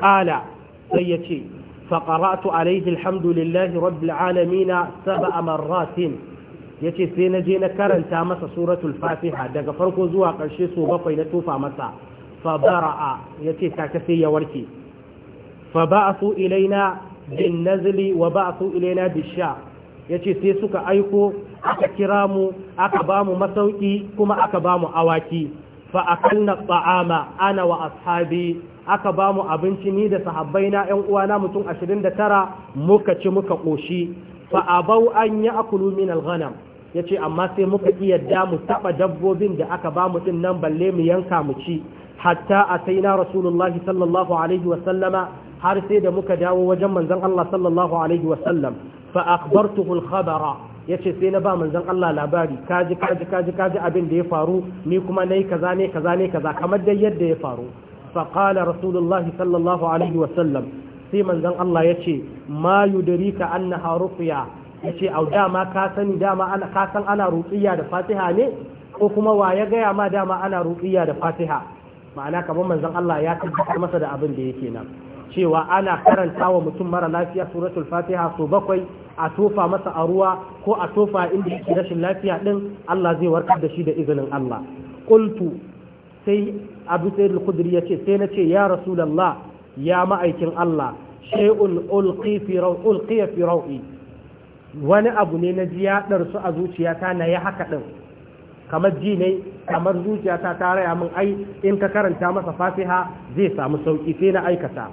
ƙala sai ya ce faƙaratu alaihi alhamdulillahi rabbil alamina sab'a Ya ce sai na je na karanta masa suratul fatiha daga farko zuwa ƙarshe so bakwai na tofa masa fabara'a ya ce ta sai ya warke fa su ilaina bin nazli wa su ilaina bisha yace sai suka aiko aka kira mu aka ba mu masauki kuma aka ba mu awaki fa akalna ta'ama ana wa ashabi aka ba mu abinci ni da sahabbaina ƴan uwana mutum 29 muka ci muka koshi fa abau an ya'kulu min al-ghanam yace amma sai muka iya damu mu dabbobin da aka ba mu nan balle mu yanka mu ci hatta ataina rasulullahi sallallahu alaihi wa sallama har sai da muka dawo wajen manzon Allah sallallahu alaihi wa sallam fa akhbartuhu al-khabara yace sai na ba manzon Allah labari kaji kaji kaji kaji abin da ya faru ni kuma nayi kaza ne kaza ne kaza kamar dai yadda ya faru fa qala rasulullahi sallallahu alaihi wa sallam sai manzon Allah yace ma yudrika annaha ruqya yace au dama ka sani dama ana ka san ana ruqiya da Fatiha ne ko kuma wa ya ga ma dama ana ruqiya da Fatiha ma'ana kamar manzon Allah ya tabbatar masa da abin da yake nan cewa ana karanta wa mutum mara lafiya suratul fatiha so bakwai a tofa masa a ruwa ko a tofa inda yake rashin lafiya din Allah zai warkar da shi da izinin Allah qultu sai abu sayyid al-khudri yace sai na ce ya rasulullah ya ma'aikin Allah shay'un ulqi fi ulqiya fi rawi wani abu ne na ji ya darsu a zuciyata na ya haka din kamar ji ne kamar zuciya ta raya min ai in ka karanta masa fatiha zai samu sauki sai na aikata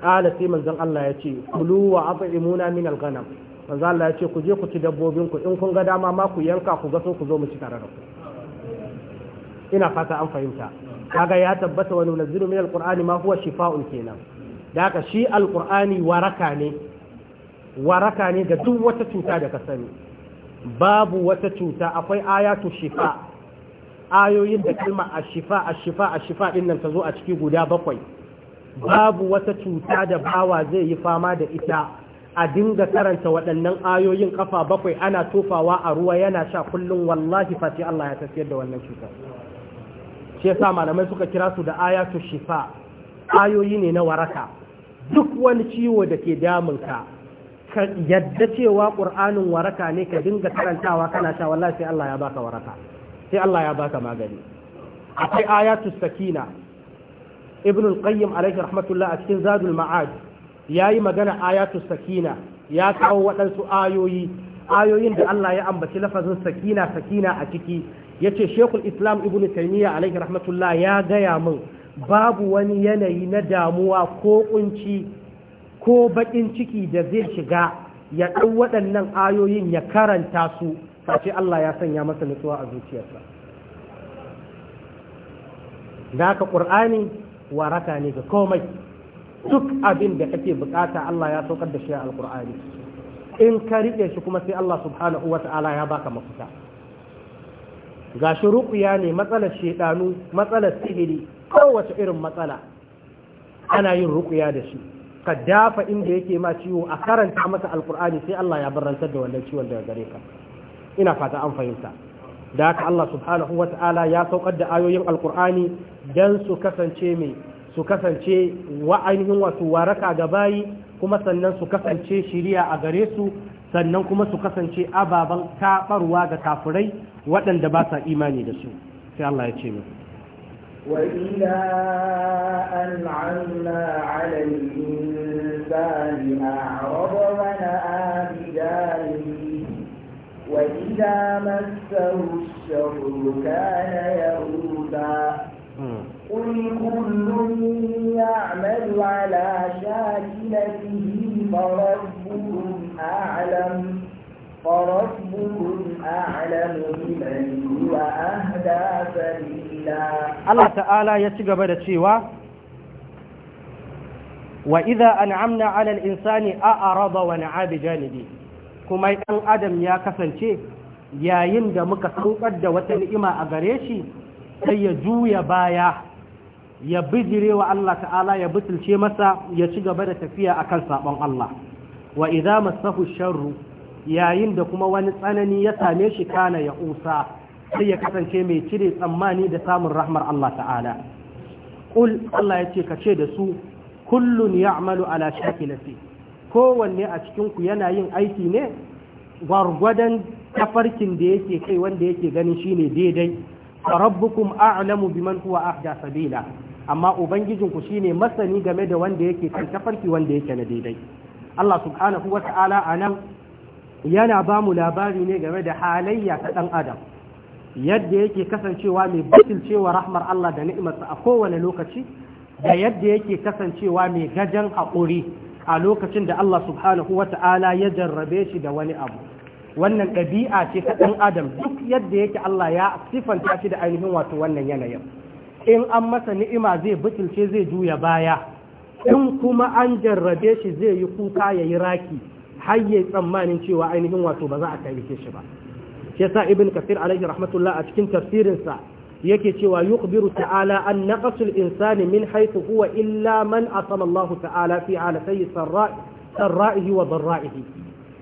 kala sai manzon Allah ya ce kulu wa at'imuna min al-ghanam manzon Allah ya ce ku je ku ci dabbobin ku in kun ga dama ma ku yanka ku ga so ku zo mu ci tare da ku ina fata an fahimta kaga ya tabbata wa nunazzilu min al-qur'ani ma huwa shifaa'un kenan da haka shi al-qur'ani waraka ne waraka ne ga duk wata cuta da ka sani babu wata cuta akwai ayatu shifa ayoyin da kalma shifa a shifa din nan ta zo a ciki guda bakwai babu wata cuta da bawa zai yi fama da ita a dinga karanta waɗannan ayoyin kafa bakwai ana tofawa a ruwa yana sha kullum wallahi fati Allah ya tafiyar da wannan cuta shi yasa malamai suka kira su da ayatu shifa ayoyi ne na waraka duk wani ciwo da ke damun ka yadda cewa ƙur'anin waraka ne ka dinga karantawa kana sha wallahi sai Allah ya baka waraka sai Allah ya baka magani akwai ayatul sakina ibn al-qayyim alayhi rahmatullah a cikin zadul ma'ad yayi magana ayatul sakina ya kawo waɗansu ayoyi ayoyin da Allah ya ambaci lafazin sakina sakina a ciki yace shekul islam ibn taymiya Alayhi rahmatullah ya gaya min babu wani yanayi na damuwa ko kunci ko bakin ciki da zai shiga ya ɗau waɗannan ayoyin ya karanta su sace Allah ya sanya masa nutsuwa a zuciyarsa da haka ƙur'ani waraka ne ga komai duk abin da kake bukata Allah ya saukar da shi a alƙur'ani in ka riƙe shi kuma sai Allah subhanahu wa ta'ala ya baka mafita ga shi ruƙuya ne matsalar shedanu matsalar sihiri kowace irin matsala ana yin ruƙuya da shi ka dafa inda yake ma ciwo a karanta masa alƙur'ani sai Allah ya barantar da wannan ciwon daga gare ka ina fata an fahimta da haka Allah subhanahu wa ta'ala ya saukar da ayoyin alkur'ani dan su kasance mai su kasance wa'ainihin wasu waraka ga bayi kuma sannan su kasance shiriya a gare su sannan kuma su kasance ababen kafarwa ga kafirai waɗanda ba sa imani da su sai Allah ya ce mu وإذا أنعمنا على الإنسان أعرض ونأى بجانبه وإذا مسه الشر كان يهودا قل كل يعمل على شاكلته فربكم أعلم فربكم أعلم بمن هو أهدى سبيلا الله تعالى يتقبل الشيوى وإذا أنعمنا على الإنسان أأرض ونعى بجانبه kuma ɗan adam ya kasance yayin da muka saukar da wata ni'ima a gare shi sai ya juya baya ya bijire wa Allah ta'ala ya butulce masa ya ci gaba da tafiya akan sabon Allah wa idan masahu sharru yayin da kuma wani tsanani ya same shi kana ya usa sai ya kasance mai cire tsammani da samun rahmar Allah ta'ala qul Allah ya ce ka ce da su kullun ya'malu ala shakilati kowanne a cikinku yana yin aiki ne gwargwadon tafarkin da yake kai wanda yake ganin shine daidai rabbukum a'lamu biman huwa ahda sabila amma ubangijinku shine masani game da wanda yake kan tafarki wanda yake na daidai Allah subhanahu wa ta'ala nan yana ba mu labari ne game da halayya ta ɗan adam yadda yake kasancewa mai bakilcewa rahmar Allah da ni'imarsa a kowane lokaci da yadda yake kasancewa mai gajan haƙuri a lokacin da Allah subhanahu wa ta'ala ya jarrabe shi da wani abu wannan ɗabi'a ce ta ɗan adam duk yadda yake Allah ya sifanta shi da ainihin wato wannan yanayin in an masa ni'ima zai butulce zai juya baya in kuma an jarrabe shi zai yi kuka ya yi raki har tsammanin cewa ainihin wato ba za a kai shi ba shi yasa ibn kasir alaihi rahmatullah a cikin tafsirinsa yake cewa yukhbiru ta'ala an naqasul insani min haythu huwa illa man asama Allah ta'ala fi halatayhi sarra'ihi wa dharra'ihi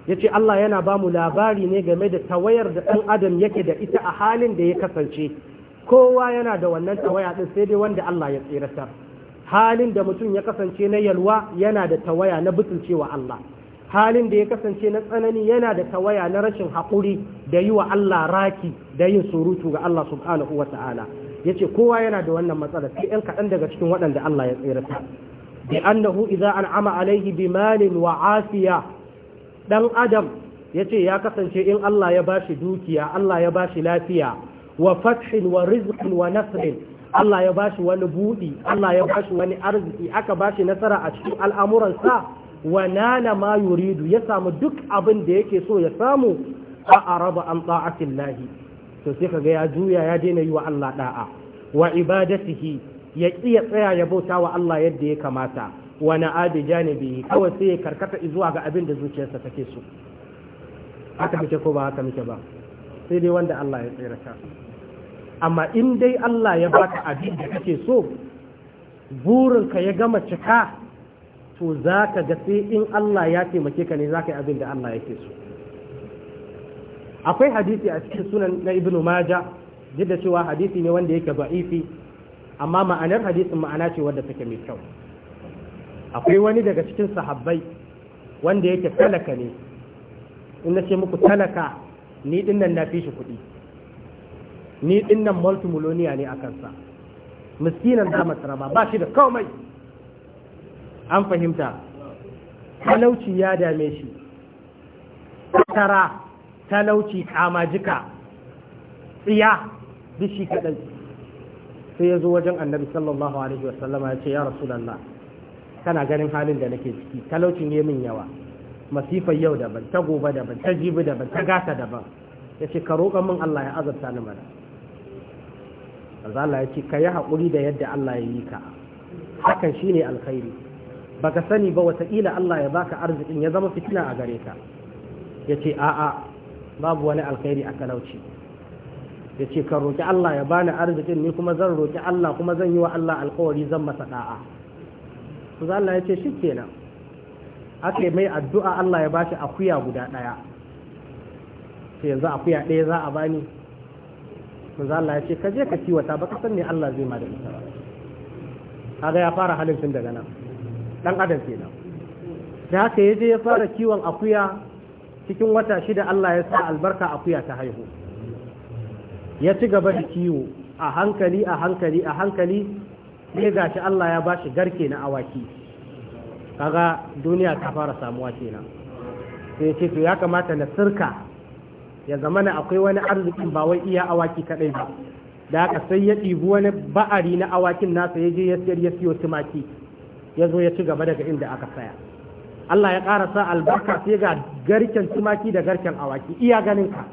yace Allah yana ba mu labari ne game da tawayar da dan adam yake da ita a halin da ya kasance kowa yana da wannan tawaya din sai dai wanda Allah ya tsirata halin da mutum ya kasance na yalwa yana da tawaya na butulcewa Allah halin da ya kasance na tsanani yana da tawaya na rashin haƙuri da yi wa Allah raki da yin surutu ga Allah subhanahu wa ta'ala yace kowa yana da wannan matsala sai ɗan kaɗan daga cikin waɗanda Allah ya tsirata bi annahu idza an'ama alaihi bi malin wa afiya dan adam ya ce ya kasance in Allah ya bashi dukiya Allah ya bashi lafiya wa fathin wa rizqin wa nasrin Allah ya bashi wani buɗi, Allah ya bashi wani arziki aka bashi nasara a cikin al'amuransa wa nana ma yuridu ya samu duk abin da yake so ya samu a'rada an ta'atillahi to sai kaga ya juya ya daina yi wa Allah da'a wa ibadatihi ya iya tsaya ya bauta wa Allah yadda ya kamata wa na'adi janibi kawai sai ya karkata zuwa ga abin da zuciyarsa take so haka muke ko ba haka muke ba sai dai wanda Allah ya tsirata amma in dai Allah ya baka abin da kake so burinka ya gama cika to za ka ga sai in Allah ya taimake ka ne za ka yi abin da Allah yake so akwai hadisi a cikin sunan na ibn maja duk da cewa hadisi ne wanda yake ba'ifi. amma ma'anar hadisin ma'ana ce wadda take mai kyau akwai wani daga cikin sahabbai wanda yake talaka ne in na ce muku talaka ni nan na fi shi kuɗi ni nan multimillionaire ne a kansa miskinan da matsarama ba shi da komai an fahimta talauci ya dame shi tara talauci jika, tsiya bishi shi sai ya zo wajen annabi sallallahu alaihi sallama. ya ce ya rasulallah kana ganin halin da nake ciki talaucin ne min yawa masifar yau daban ta gobe daban ta jibi daban ta gata daban ya ce ka roƙa min Allah ya azabta ni mana Allah ya ce ka yi haƙuri da yadda Allah ya yi ka hakan shine alkhairi baka sani ba wataƙila Allah ya baka arzikin ya zama fitina a gare ka ya ce a'a babu wani alkhairi a talauci ya ce kan roƙi Allah ya bani arzikin ni kuma zan roƙi Allah kuma zan yi wa Allah alkawari zan masa da'a su Allah ya ce shi kenan aka yi mai addu'a Allah ya bashi akuya guda ɗaya sai yanzu akuya ɗaya za a bani za Allah ya ce ka je ka kiwata baka san ne Allah zai ma da ita ba kaga ya fara halin tun daga nan dan adam kenan da haka ya je ya fara kiwon akuya cikin wata shida Allah ya sa albarka akuya ta haihu ya ci gaba da kiwo a hankali a hankali a hankali ga shi Allah ya bashi garke na awaki kaga duniya ta fara samuwa kenan sai ce to ya kamata na sirka ya zama na akwai wani arzikin ba wai iya awaki kadai ba da aka sai ya ɗibi wani ba'ari na awakin nasa ya je ya ya siyo tumaki ya zo ya ci gaba daga inda aka saya Allah ya ƙara sa albarka sai ga garken tumaki da garken awaki iya ganin ka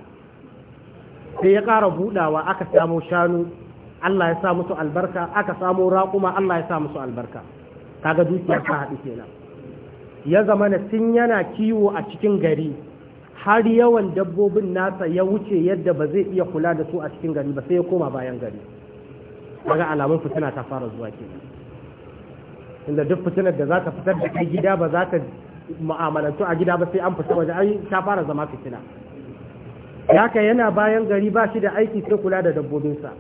sai ya ƙara buɗawa aka samo shanu Allah ya sa musu albarka aka samo raƙuma Allah ya sa musu albarka kaga dukiyar ta haɗu kenan ya zama na sun yana kiwo a cikin gari har yawan dabbobin nasa ya wuce yadda ba zai iya kula da su a cikin gari ba sai ya koma bayan gari daga alamun fitina ta fara zuwa kenan inda duk fitinar da za ta fitar da kai gida ba za ta mu'amalantu a gida ba sai an fita waje ai ta fara zama fitina haka yana bayan gari ba shi da aiki sai kula da dabbobinsa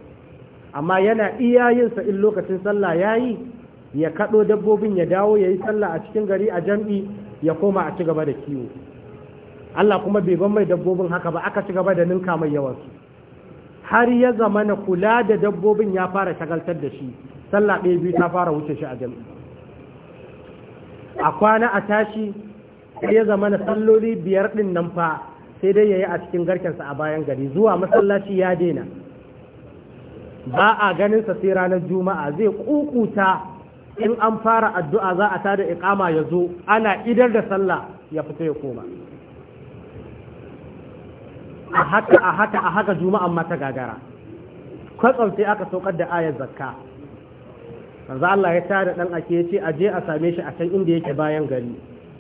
amma yana iya yinsa in lokacin sallah yayi ya kaɗo dabbobin ya dawo ya yi sallah a cikin gari a jam'i ya koma a cigaba da kiwo Allah kuma bai ban mai dabbobin haka ba aka ci gaba da ninka mai yawansu har ya zama na kula da dabbobin ya fara shagaltar da shi sallah ɗaya biyu ta fara wuce shi a jam'i a kwana a tashi ya zama na salloli biyar ɗin nan fa sai dai ya yi a cikin garkensa a bayan gari zuwa masallaci ya daina ba a ganinsa sai ranar juma'a zai kukuta in an fara addu'a za a tada ikama ya zo ana idar da sallah ya fito ya koma a haka a haka a haka juma'an mata gagara kwatsam sai aka saukar da ayar zakka manzo Allah ya tare dan ake yace a je a same shi a can inda yake bayan gari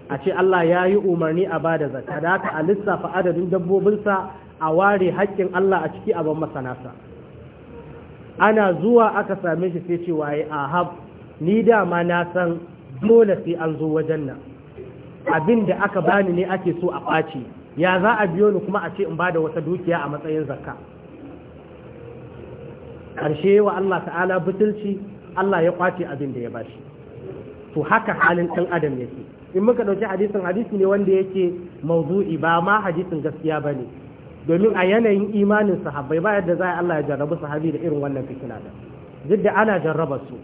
a ce Allah ya yi umarni a bada zakka da aka a lissafa adadin dabbobinsa a ware haƙƙin Allah a ciki abin ban masanasa ana zuwa aka same shi sai cewa ya ahab ni dama na san dole sai an zo wajen nan abin da aka bani ne ake so a ɓace ya za a biyo ni kuma a ce in ba da wata dukiya a matsayin zakka Karshe wa Allah ta'ala butulci Allah ya kwace abin da ya bashi to haka halin ɗan adam yake in muka ɗauki hadisin hadisi ne wanda yake mawdu'i ba ma hadisin gaskiya ba ne domin a yanayin imanin sahabbai ba yadda za a Allah ya jarrabu sahabi da irin wannan fitina da duk da ana jarraba su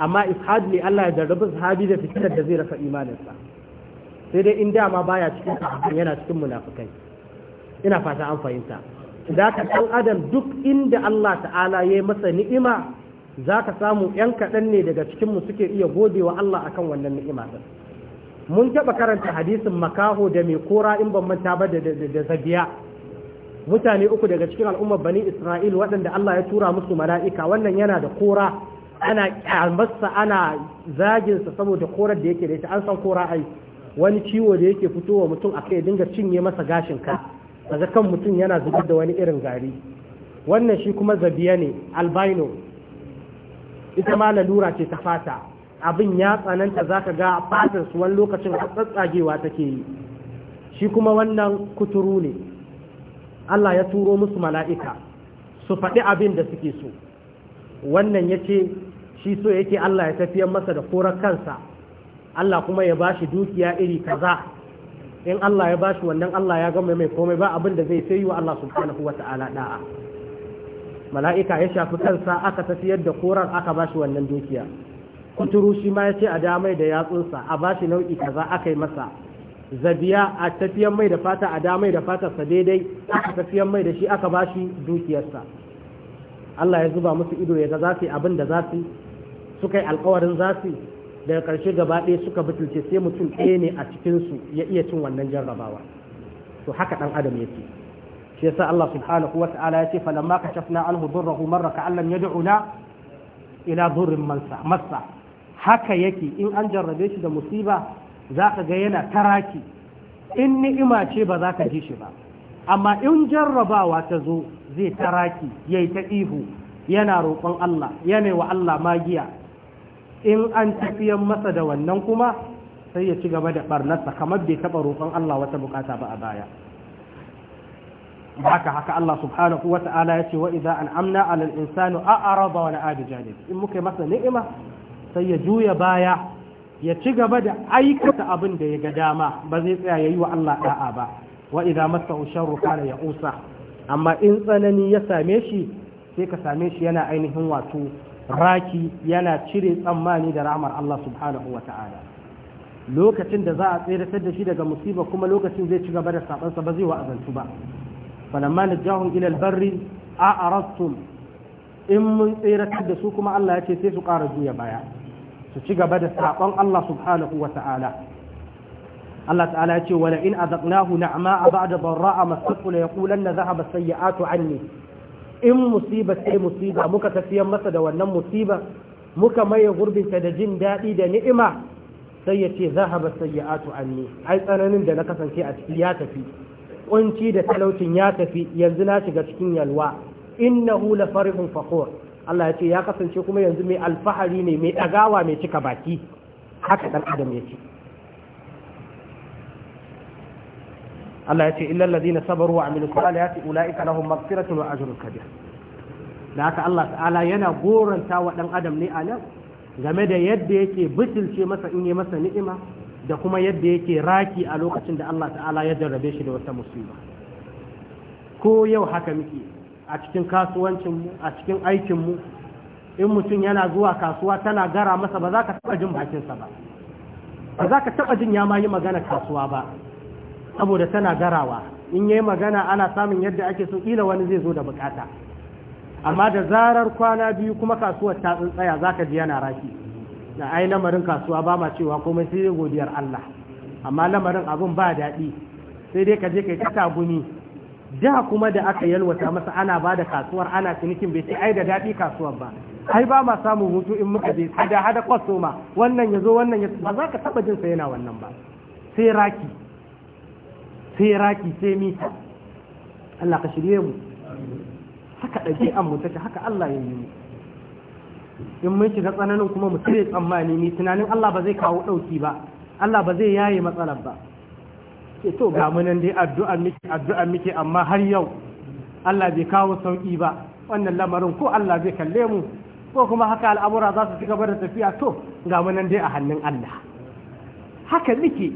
amma ishad ne Allah ya jarrabu sahabi da fitinar da zai rasa imaninsa sai dai in dama baya cikin sahabbai yana cikin munafikai ina fata an fahimta da ka ɗan adam duk inda Allah ta'ala ya yi masa ni'ima za ka samu 'yan kaɗan ne daga cikinmu suke iya gode wa Allah a kan wannan ni'ima mun taɓa karanta hadisin makaho da mai kora in ban manta ba da zabiya mutane uku daga cikin al'ummar bani isra'il waɗanda Allah ya tura musu mala'ika wannan yana da kora ana kyamarsa ana zaginsa saboda korar da yake da ita an san kora ai wani ciwo da yake fitowa mutum a kai dinga cinye masa gashin ka daga kan mutum yana zubar da wani irin gari wannan shi kuma zabiya ne albino ita ma lalura ce ta fata abin ya tsananta za ka ga fatar su wani lokacin tsatsagewa take yi shi kuma wannan kuturu ne Allah ya turo musu mala'ika su faɗi abin da suke so wannan ya ce shi so yake Allah ya tafiyar masa da korar kansa Allah kuma ya bashi dukiya iri kaza in Allah ya bashi wannan Allah ya gama mai komai ba abin da zai sayi wa Allah subhanahu wa ta'ala da'a mala'ika ya shafi kansa aka tafiyar da koran aka ba shi wannan dukiya kuturu shi ma ya ce a damai da yatsunsa a ba shi nau'i kaza aka yi masa zabiya a tafiyan mai da fata a damai da fatarsa daidai aka tafiyan mai da shi aka ba shi dukiyarsa Allah ya zuba musu ido ya ga za su abin da za su suka yi alkawarin za su daga ƙarshe gaba ɗaya suka butulce sai mutum ɗaya ne a cikinsu ya iya cin wannan jarrabawa to haka ɗan adam yake shi yasa Allah subhanahu wa ta'ala ya ce falamma kashafna anhu durrahu marra ya lam yad'una ila durrin massa haka yake in an jarrabe shi da musiba za ka ga yana taraki in ni'ima ce ba za ka ji shi ba amma in jarrabawa ta zo zai taraki yayi ta ihu yana roƙon Allah yana wa Allah magiya in an tafiyan masa da wannan kuma sai ya ci gaba da barnarsa kamar bai taɓa roƙon Allah wata bukata ba a baya haka haka Allah subhanahu wa ta'ala ya ce wa idza an'amna 'ala al-insani a'rada wa na'a bi janib in muka masa ni'ima sai ya juya baya ya ci gaba da aikata abin da ya ga dama ba zai tsaya yayi wa Allah da'a ba wa idza massahu sharru kana ya'usa amma in tsanani ya same shi sai ka same shi yana ainihin wato raki yana cire tsammani da rahmar Allah subhanahu wa ta'ala lokacin da za a tseratar da shi daga musiba kuma lokacin zai ci gaba da sabansa ba zai wa'azantu ba falamma najahum ila albarri a in mun tsiratar da su kuma Allah ya ce sai su ƙara juya baya su ci gaba da saƙon Allah subhanahu wa ta'ala Allah ta'ala ya ce wala in azaqnahu na'ma ba'da dharra'a masatu la yaqulanna dhahaba sayyi'atu anni in musiba sai musiba muka tafiyan masa da wannan musiba muka maye ta da jin daɗi da ni'ima sai ya ce zahaba sayyi'atu anni ai tsananin da na kasance a ciki ya tafi kunci da talaucin ya tafi yanzu na shiga cikin yalwa innahu la farihun fakhur Allah ya ce ya kasance kuma yanzu mai alfahari ne mai dagawa mai cika baki haka dan adam ya ce. Allah ya ce illal ladina sabaru wa amilu salihati ulaika lahum maghfiratun wa ajrun kabir da haka Allah ta'ala yana goranta wa dan adam ne a nan game da yadda yake bitilce masa in yi masa ni'ima da kuma yadda yake raki a lokacin da Allah ta'ala ya jarrabe shi da wata musiba ko yau haka muke a cikin kasuwancinmu a cikin aikinmu in mutum yana zuwa kasuwa tana gara masa ba za ka taɓa jin bakinsa ba ba za ka taɓa jin ya ma yi magana kasuwa ba saboda tana garawa in yi magana ana samun yadda ake so ila wani zai zo da bukata amma da zarar kwana biyu kuma kasuwar ta tsaya za ka ji yana raki da ai lamarin kasuwa ba ma cewa komai sai godiyar Allah amma lamarin abun ba daɗi sai dai ka je kai kata guni da kuma da aka yalwata masa ana ba da kasuwar ana cinikin bai ce ai da daɗi kasuwar ba ai ba ma samun hutu in muka je hada hada ma wannan ya zo wannan ya ba za ka taɓa jin sa yana wannan ba sai raki sai raki sai mita Allah ka shirye mu haka ɗabi'an mu take haka Allah ya yi mu in mun shiga tsananin kuma mu cire tsammani ni tunanin Allah ba zai kawo ɗauki ba Allah ba zai yaye matsalar ba ke to ga mu nan dai addu'a muke addu'a muke amma har yau Allah bai kawo sauki ba wannan lamarin ko Allah zai kalle mu ko kuma haka al'amura za su ci gaba da tafiya to ga mu nan dai a hannun Allah haka muke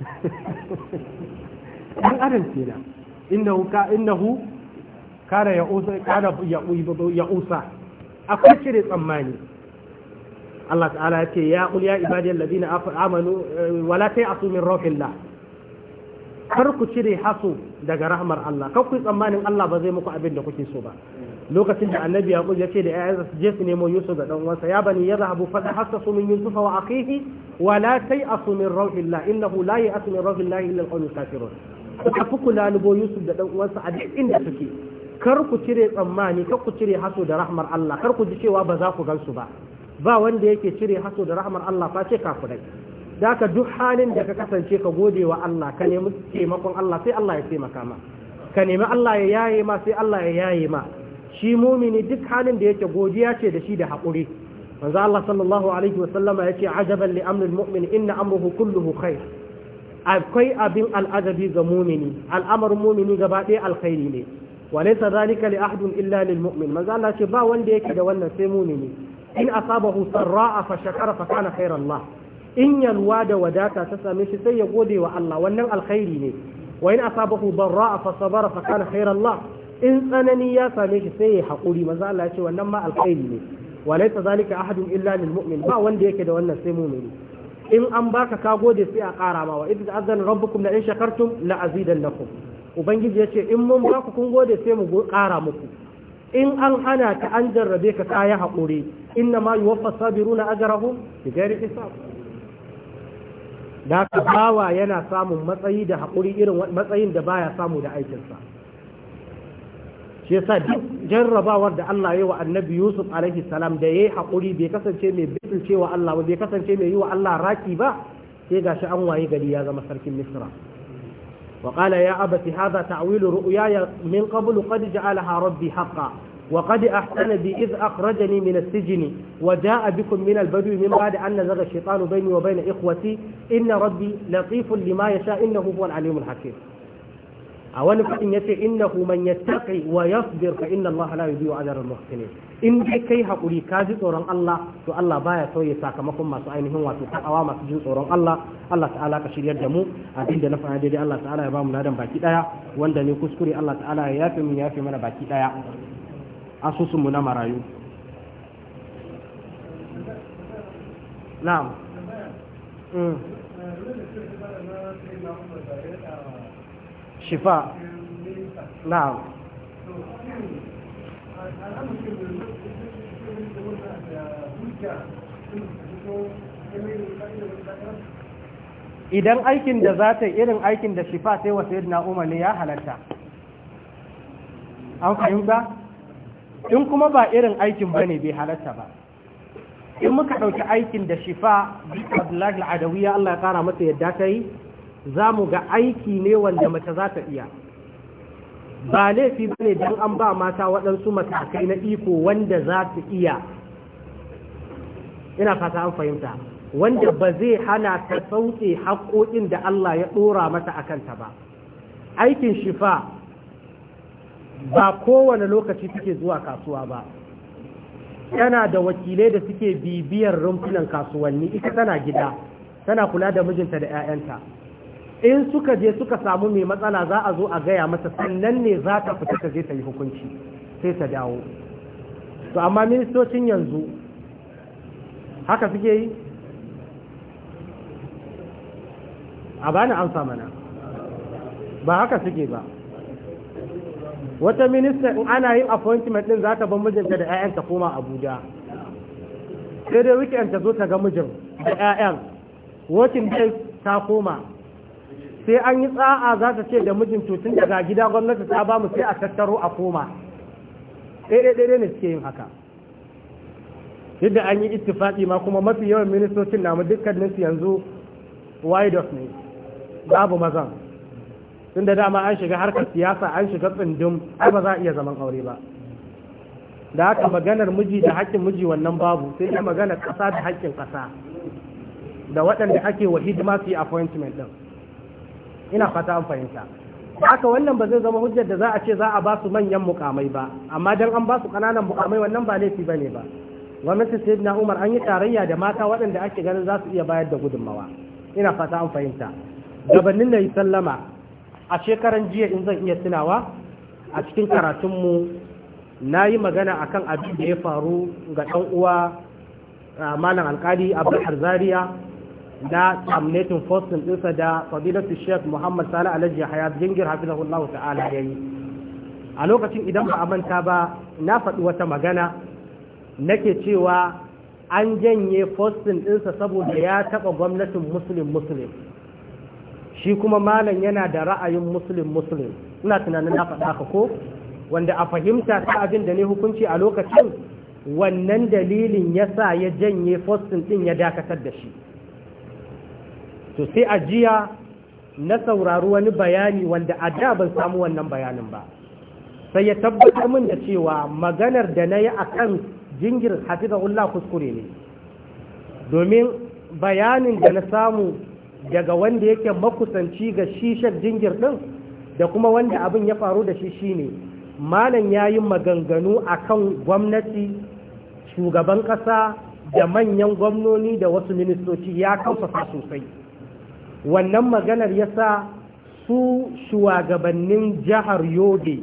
[laughs] an adam kenan innahu ka kana ya usa kana ya usa akwai cire tsammani Allah ta'ala ya ce ya qul ya ibadiyal ladina amanu eh, wala ta'asu min rahmatillah kar ku cire hasu daga rahmar Allah kar ku tsammanin Allah ba zai muku abin da kuke so ba lokacin da annabi yaqub ya ce da ayyansa su je su nemo yusuf da dan uwansa ya bani ya zahabu fa tahassasu min yusuf wa akhihi wa la tayasu min rauhillah innahu la yasu min rauhillah illa alqawmul kafirun suka fi kula ni bo yusuf da dan uwansa a duk inda suke kar ku cire tsammani kar ku cire haso da rahmar Allah kar ku ji cewa ba za ku gansu ba ba wanda yake cire haso da rahmar Allah fa ce kafirai daka duk halin da ka kasance ka gode wa Allah ka nemi taimakon Allah sai Allah ya taimaka ma ka nemi Allah ya yaye ma sai Allah ya yaye ma shi mumini duk halin da yake godiya ce da shi da haƙuri manzo Allah sallallahu alaihi wa sallama yace ajaban li amri mu'min inna amruhu kulluhu khair akwai abin al'ajabi ga mumini al'amar mumini gaba ɗaya alkhairi ne وليس ذلك لأحد إلا للمؤمن ما ba wanda با وندي كده wannan sai mumini in asabahu sarra'a fa shakara fa kana khairan in yalwa da wadata ta same shi sai ya gode wa Allah wannan alkhairi ne wa in asabahu darra'a fa sabara fa kana khairan in tsanani ya same shi sai ya hakuri maza Allah ya ce wannan ma alkhairi ne wa laysa zalika ahadun illa lil mu'min ba wanda yake da wannan sai mu'mini in an baka ka gode sai a ƙara ma wa idza azana rabbukum la in shakartum la azidannakum ubangiji ya ce in mun baku kun gode sai mu ƙara muku in an hana ka an jarrabe ka kaya haƙuri inna ma yi wafa sabiru na ajarahu da gari isa da ka bawa yana samun matsayi da haƙuri irin matsayin da baya samu da aikinsa shi yasa duk jarrabawar da Allah ya wa annabi Yusuf alaihi salam da yayi haƙuri bai kasance mai bitilcewa Allah ba bai kasance mai yi wa Allah raki ba sai gashi an waye gari ya zama sarkin Misra وقال يا أبت هذا تعويل رؤياي من قبل قد جعلها ربي حقا وقد أحسن بي إذ أخرجني من السجن وجاء بكم من البدو من بعد أن نزغ الشيطان بيني وبين إخوتي إن ربي لطيف لما يشاء إنه هو العليم الحكيم أولا فإن يتي إنه من يتقي ويصبر فإن الله لا يضيع أجر المحسنين in dai kai hakuri ka ji tsoron Allah to Allah baya sauye sakamakon masu ainihin wato takawa masu jin tsoron Allah Allah ta'ala ka shiryar da mu a abinda na fara daidai Allah ta'ala ya ba mu ladan baki daya wanda ne kuskure Allah ta'ala ya yafe mu yafe mana baki daya asusun mu na marayu na'am mm. shifa na'am idan aikin da za ta irin aikin da shifa sai Wasu Yadda umar ne ya halatta an ba. in kuma ba irin aikin bane bai halatta ba in muka ɗauki aikin da shifa abdullahi ya Allah ya ƙara masa yadda ta yi za mu ga aiki ne wanda mace za ta iya ba laifi ba ne don an ba mata waɗansu matakai na iko wanda za ta iya ina fata an fahimta wanda ba zai hana ta sauke haƙoƙin da Allah ya ɗora mata a kanta ba aikin shifa ba kowane lokaci suke zuwa kasuwa ba Yana da wakilai da suke bibiyar rumfunan kasuwanni ita tana gida tana kula da mijinta da 'ya'yanta in suka je suka samu mai matsala za a zo a gaya masa sannan ne za ta fita ta je ta yi hukunci sai ta dawo to amma ministocin yanzu haka suke yi a bani amsa mana ba haka suke ba wata minista in ana yin appointment din za ta ban mijinta da 'ya'yanta koma abuja sai dai weekend ta zo ta ga mijin da 'ya'yan working days ta koma sai an yi tsa'a za ta ce da mijin tutun daga gida gwamnati ta ba mu sai a tattaro a koma ɗaiɗaiɗaiɗai ne suke yin haka duk da an yi ittifaqi ma kuma mafi yawan ministocin namu dukkanin su yanzu widos ne babu mazan tun da dama an shiga harkar siyasa an shiga tsindin ai ba za a iya zaman aure ba da haka maganar miji da haƙƙin miji wannan babu sai ya magana ƙasa da haƙƙin ƙasa da waɗanda ake wa hidima su yi appointment ɗin ina fata an fahimta haka wannan ba zai zama hujjar da za a ce za a ba su manyan mukamai ba amma dan an ba su ƙananan mukamai wannan ba laifi ba ne ba gwamnatin sai na umar an yi tarayya da mata waɗanda ake ganin za su iya bayar da gudunmawa ina fata an fahimta gabanin na yi sallama a shekaran jiya in zan iya tunawa a cikin karatunmu na yi magana akan abin da ya faru ga ɗan uwa malam alkali abdulhar zaria na terminating fostin ɗinsa da fadilatu sheikh muhammad sale alhaji hayat jingir hafizahullahu ta'ala ya yi a lokacin idan ba a manta ba na faɗi wata magana nake cewa an janye fostin ɗinsa saboda ya taɓa gwamnatin musulun musulun shi kuma malam yana da ra'ayin musulun musulun suna tunanin na faɗa ka ko wanda a fahimta ta abin da ne hukunci a lokacin wannan dalilin ya sa ya janye fostin ɗin ya dakatar da shi to sai a jiya na saurari wani bayani wanda a da ban samu wannan bayanin ba sai ya tabbatar min da cewa maganar da na yi a kan jingir hafizahullah kuskure ne domin bayanin da na samu daga wanda yake makusanci ga shishar jingir din da kuma wanda abin ya faru da shi shine malam ya yi maganganu akan gwamnati shugaban ƙasa da manyan gwamnoni da wasu ministoci ya kamfasa sosai wannan maganar ya sa su shugabannin jihar yobe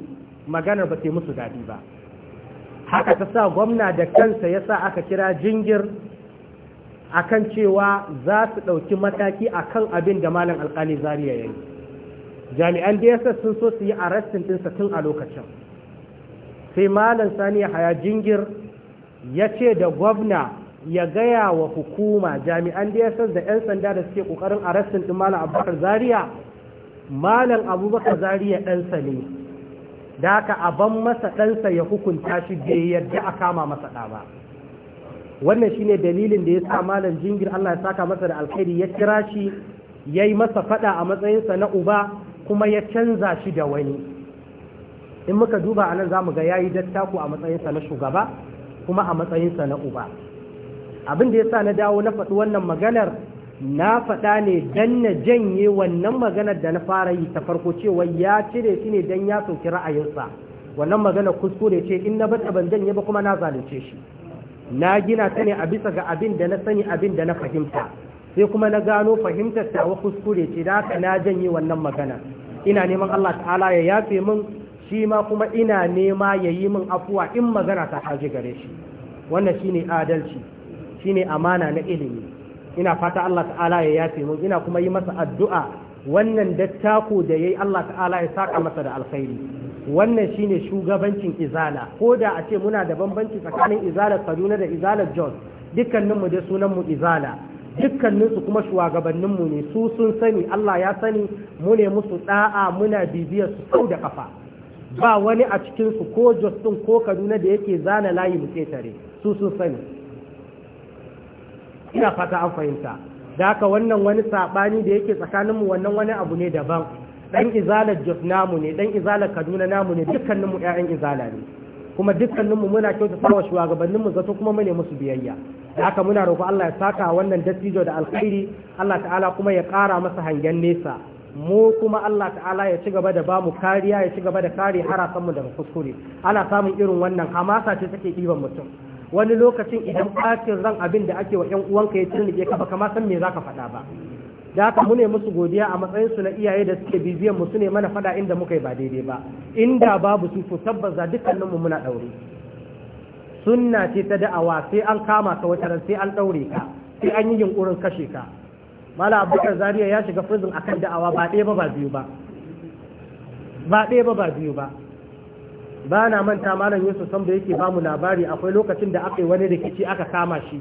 maganar ba sai musu daɗi ba haka ta sa gwamna da kansa ya sa aka kira jingir akan cewa za su ɗauki mataki akan abin da malam alkali zariya ya yi jami'an dss sun so su yi arrestin ɗinsa tun a lokacin sai malam sani haya jingir ya ce da gwamna ya gaya wa hukuma jami'an dss da 'yan sanda da suke ƙoƙarin arrestin ɗin malam abubakar zariya malam abubakar zariya ɗansa ne da haka aban masa ɗansa ya hukunta shi bai yarda a kama masa ɗa ba wannan shine dalilin da ya sa malam jingir Allah ya saka masa da alkhairi ya kira shi ya yi masa faɗa a matsayinsa na uba kuma ya canza shi da wani in muka duba a nan za mu ga ya yi dattaku a matsayinsa na shugaba kuma a matsayinsa na uba abin da ya sa na dawo na faɗi wannan maganar na faɗa ne don na janye wannan maganar da na fara yi ta farko cewa ya cire shi ne don ya soki ra'ayinsa wannan magana kuskure ce in na bata ban janye ba kuma na zalunce shi na gina ta ne a bisa ga abin da na sani abin da na fahimta sai kuma na gano fahimtar ta kuskure ce da haka na janye wannan magana ina neman Allah ta'ala ya yafe min shi ma kuma ina nema ya yi min afuwa in magana ta haji gare shi wannan shine adalci shine amana na ilimi ina fata Allah ta'ala ya yafe mun ina kuma yi masa addu'a wannan dattako da yayi Allah ta'ala ya saka masa da alkhairi wannan shine shugabancin izala ko da a ce muna da bambanci tsakanin izalar Kaduna da izalar Jos dukkanin mu da sunan mu izala dukkanin su kuma shugabannin mu ne su sun sani Allah ya sani mu ne musu da'a muna bibiyar su sau da kafa ba wani a cikin su ko Jos din ko Kaduna da yake zana layi mu tare su sun sani ina fata an fahimta da haka wannan wani saɓani da yake tsakaninmu wannan wani abu ne daban ɗan izalar jos namu ne ɗan izalar kaduna namu ne dukkaninmu ƴaƴan izala ne kuma dukkaninmu muna kyautata wa shugabanninmu zato kuma mu ne musu biyayya da haka muna roƙo Allah ya saka wannan dattijo da alkhairi Allah ta'ala kuma ya ƙara masa hangen nesa mu kuma Allah ta'ala ya ci gaba da ba mu kariya ya ci gaba da kare harasanmu daga kuskure ana samun irin wannan hamasa ce take ɗiban mutum wani lokacin idan ɓacin ran abin da ake wa 'yan uwanka ya turnike ka baka ma san me za ka faɗa ba da haka mu ne musu godiya a matsayin su na iyaye da suke bibiyan mu su ne mana faɗa inda muka yi ba daidai ba inda babu su tabbas za dukkanin mu muna ɗaure sunna ce ta da'awa sai an kama ka wata ran sai an ɗaure ka sai an yi yunkurin kashe ka mala abubakar zaria ya shiga prison akan da'awa ba ɗaya ba ba biyu ba ba ɗaya ba ba biyu ba ba na manta malam yusuf san da yake bamu labari akwai lokacin da aka yi wani rikici aka kama shi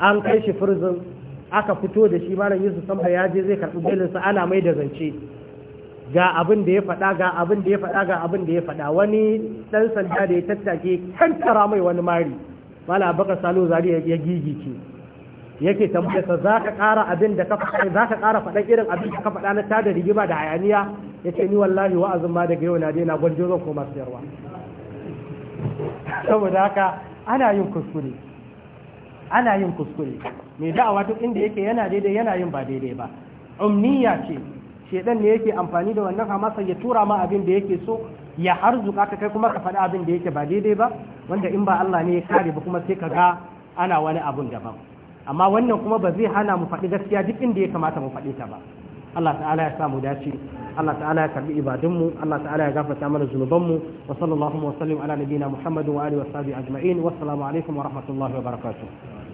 an kai shi firzin aka fito da shi malam yusuf san ya je zai karɓi belinsa ana mai da zance ga abin da ya faɗa ga abin da ya faɗa ga abin da ya faɗa wani ɗan sanda da ya tattake tara mai wani mari mala baka salo zari ya gigice yake tambayarsa za ka ƙara abin da ka faɗa za ka ƙara faɗan irin abin da ka faɗa na tada rigima da hayaniya ya ce ni wallahi wa'azin ma daga yau na daina gwanjo zan koma sayarwa saboda haka ana yin kuskure ana yin kuskure mai da'awa duk inda yake yana daidai yana yin ba daidai ba umniya ce shedan ne yake amfani da wannan hamasa ya tura ma abin da yake so ya harzuka ka kai kuma ka faɗi abin da yake ba daidai ba wanda in ba Allah ne ya kare ba kuma sai ka ga ana wani abun daban amma wannan kuma ba zai hana mu faɗi gaskiya duk inda ya kamata mu faɗi ta ba Allah ta'ala ya samu dace Allah ta'ala ya karɓi ibadunmu Allah ta'ala ya gafarta mana zunubanmu wa sallallahu wa sallim ala nabiyina Muhammad wa alihi wa sahbihi ajma'in wassalamu alaikum wa rahmatullahi wa barakatu.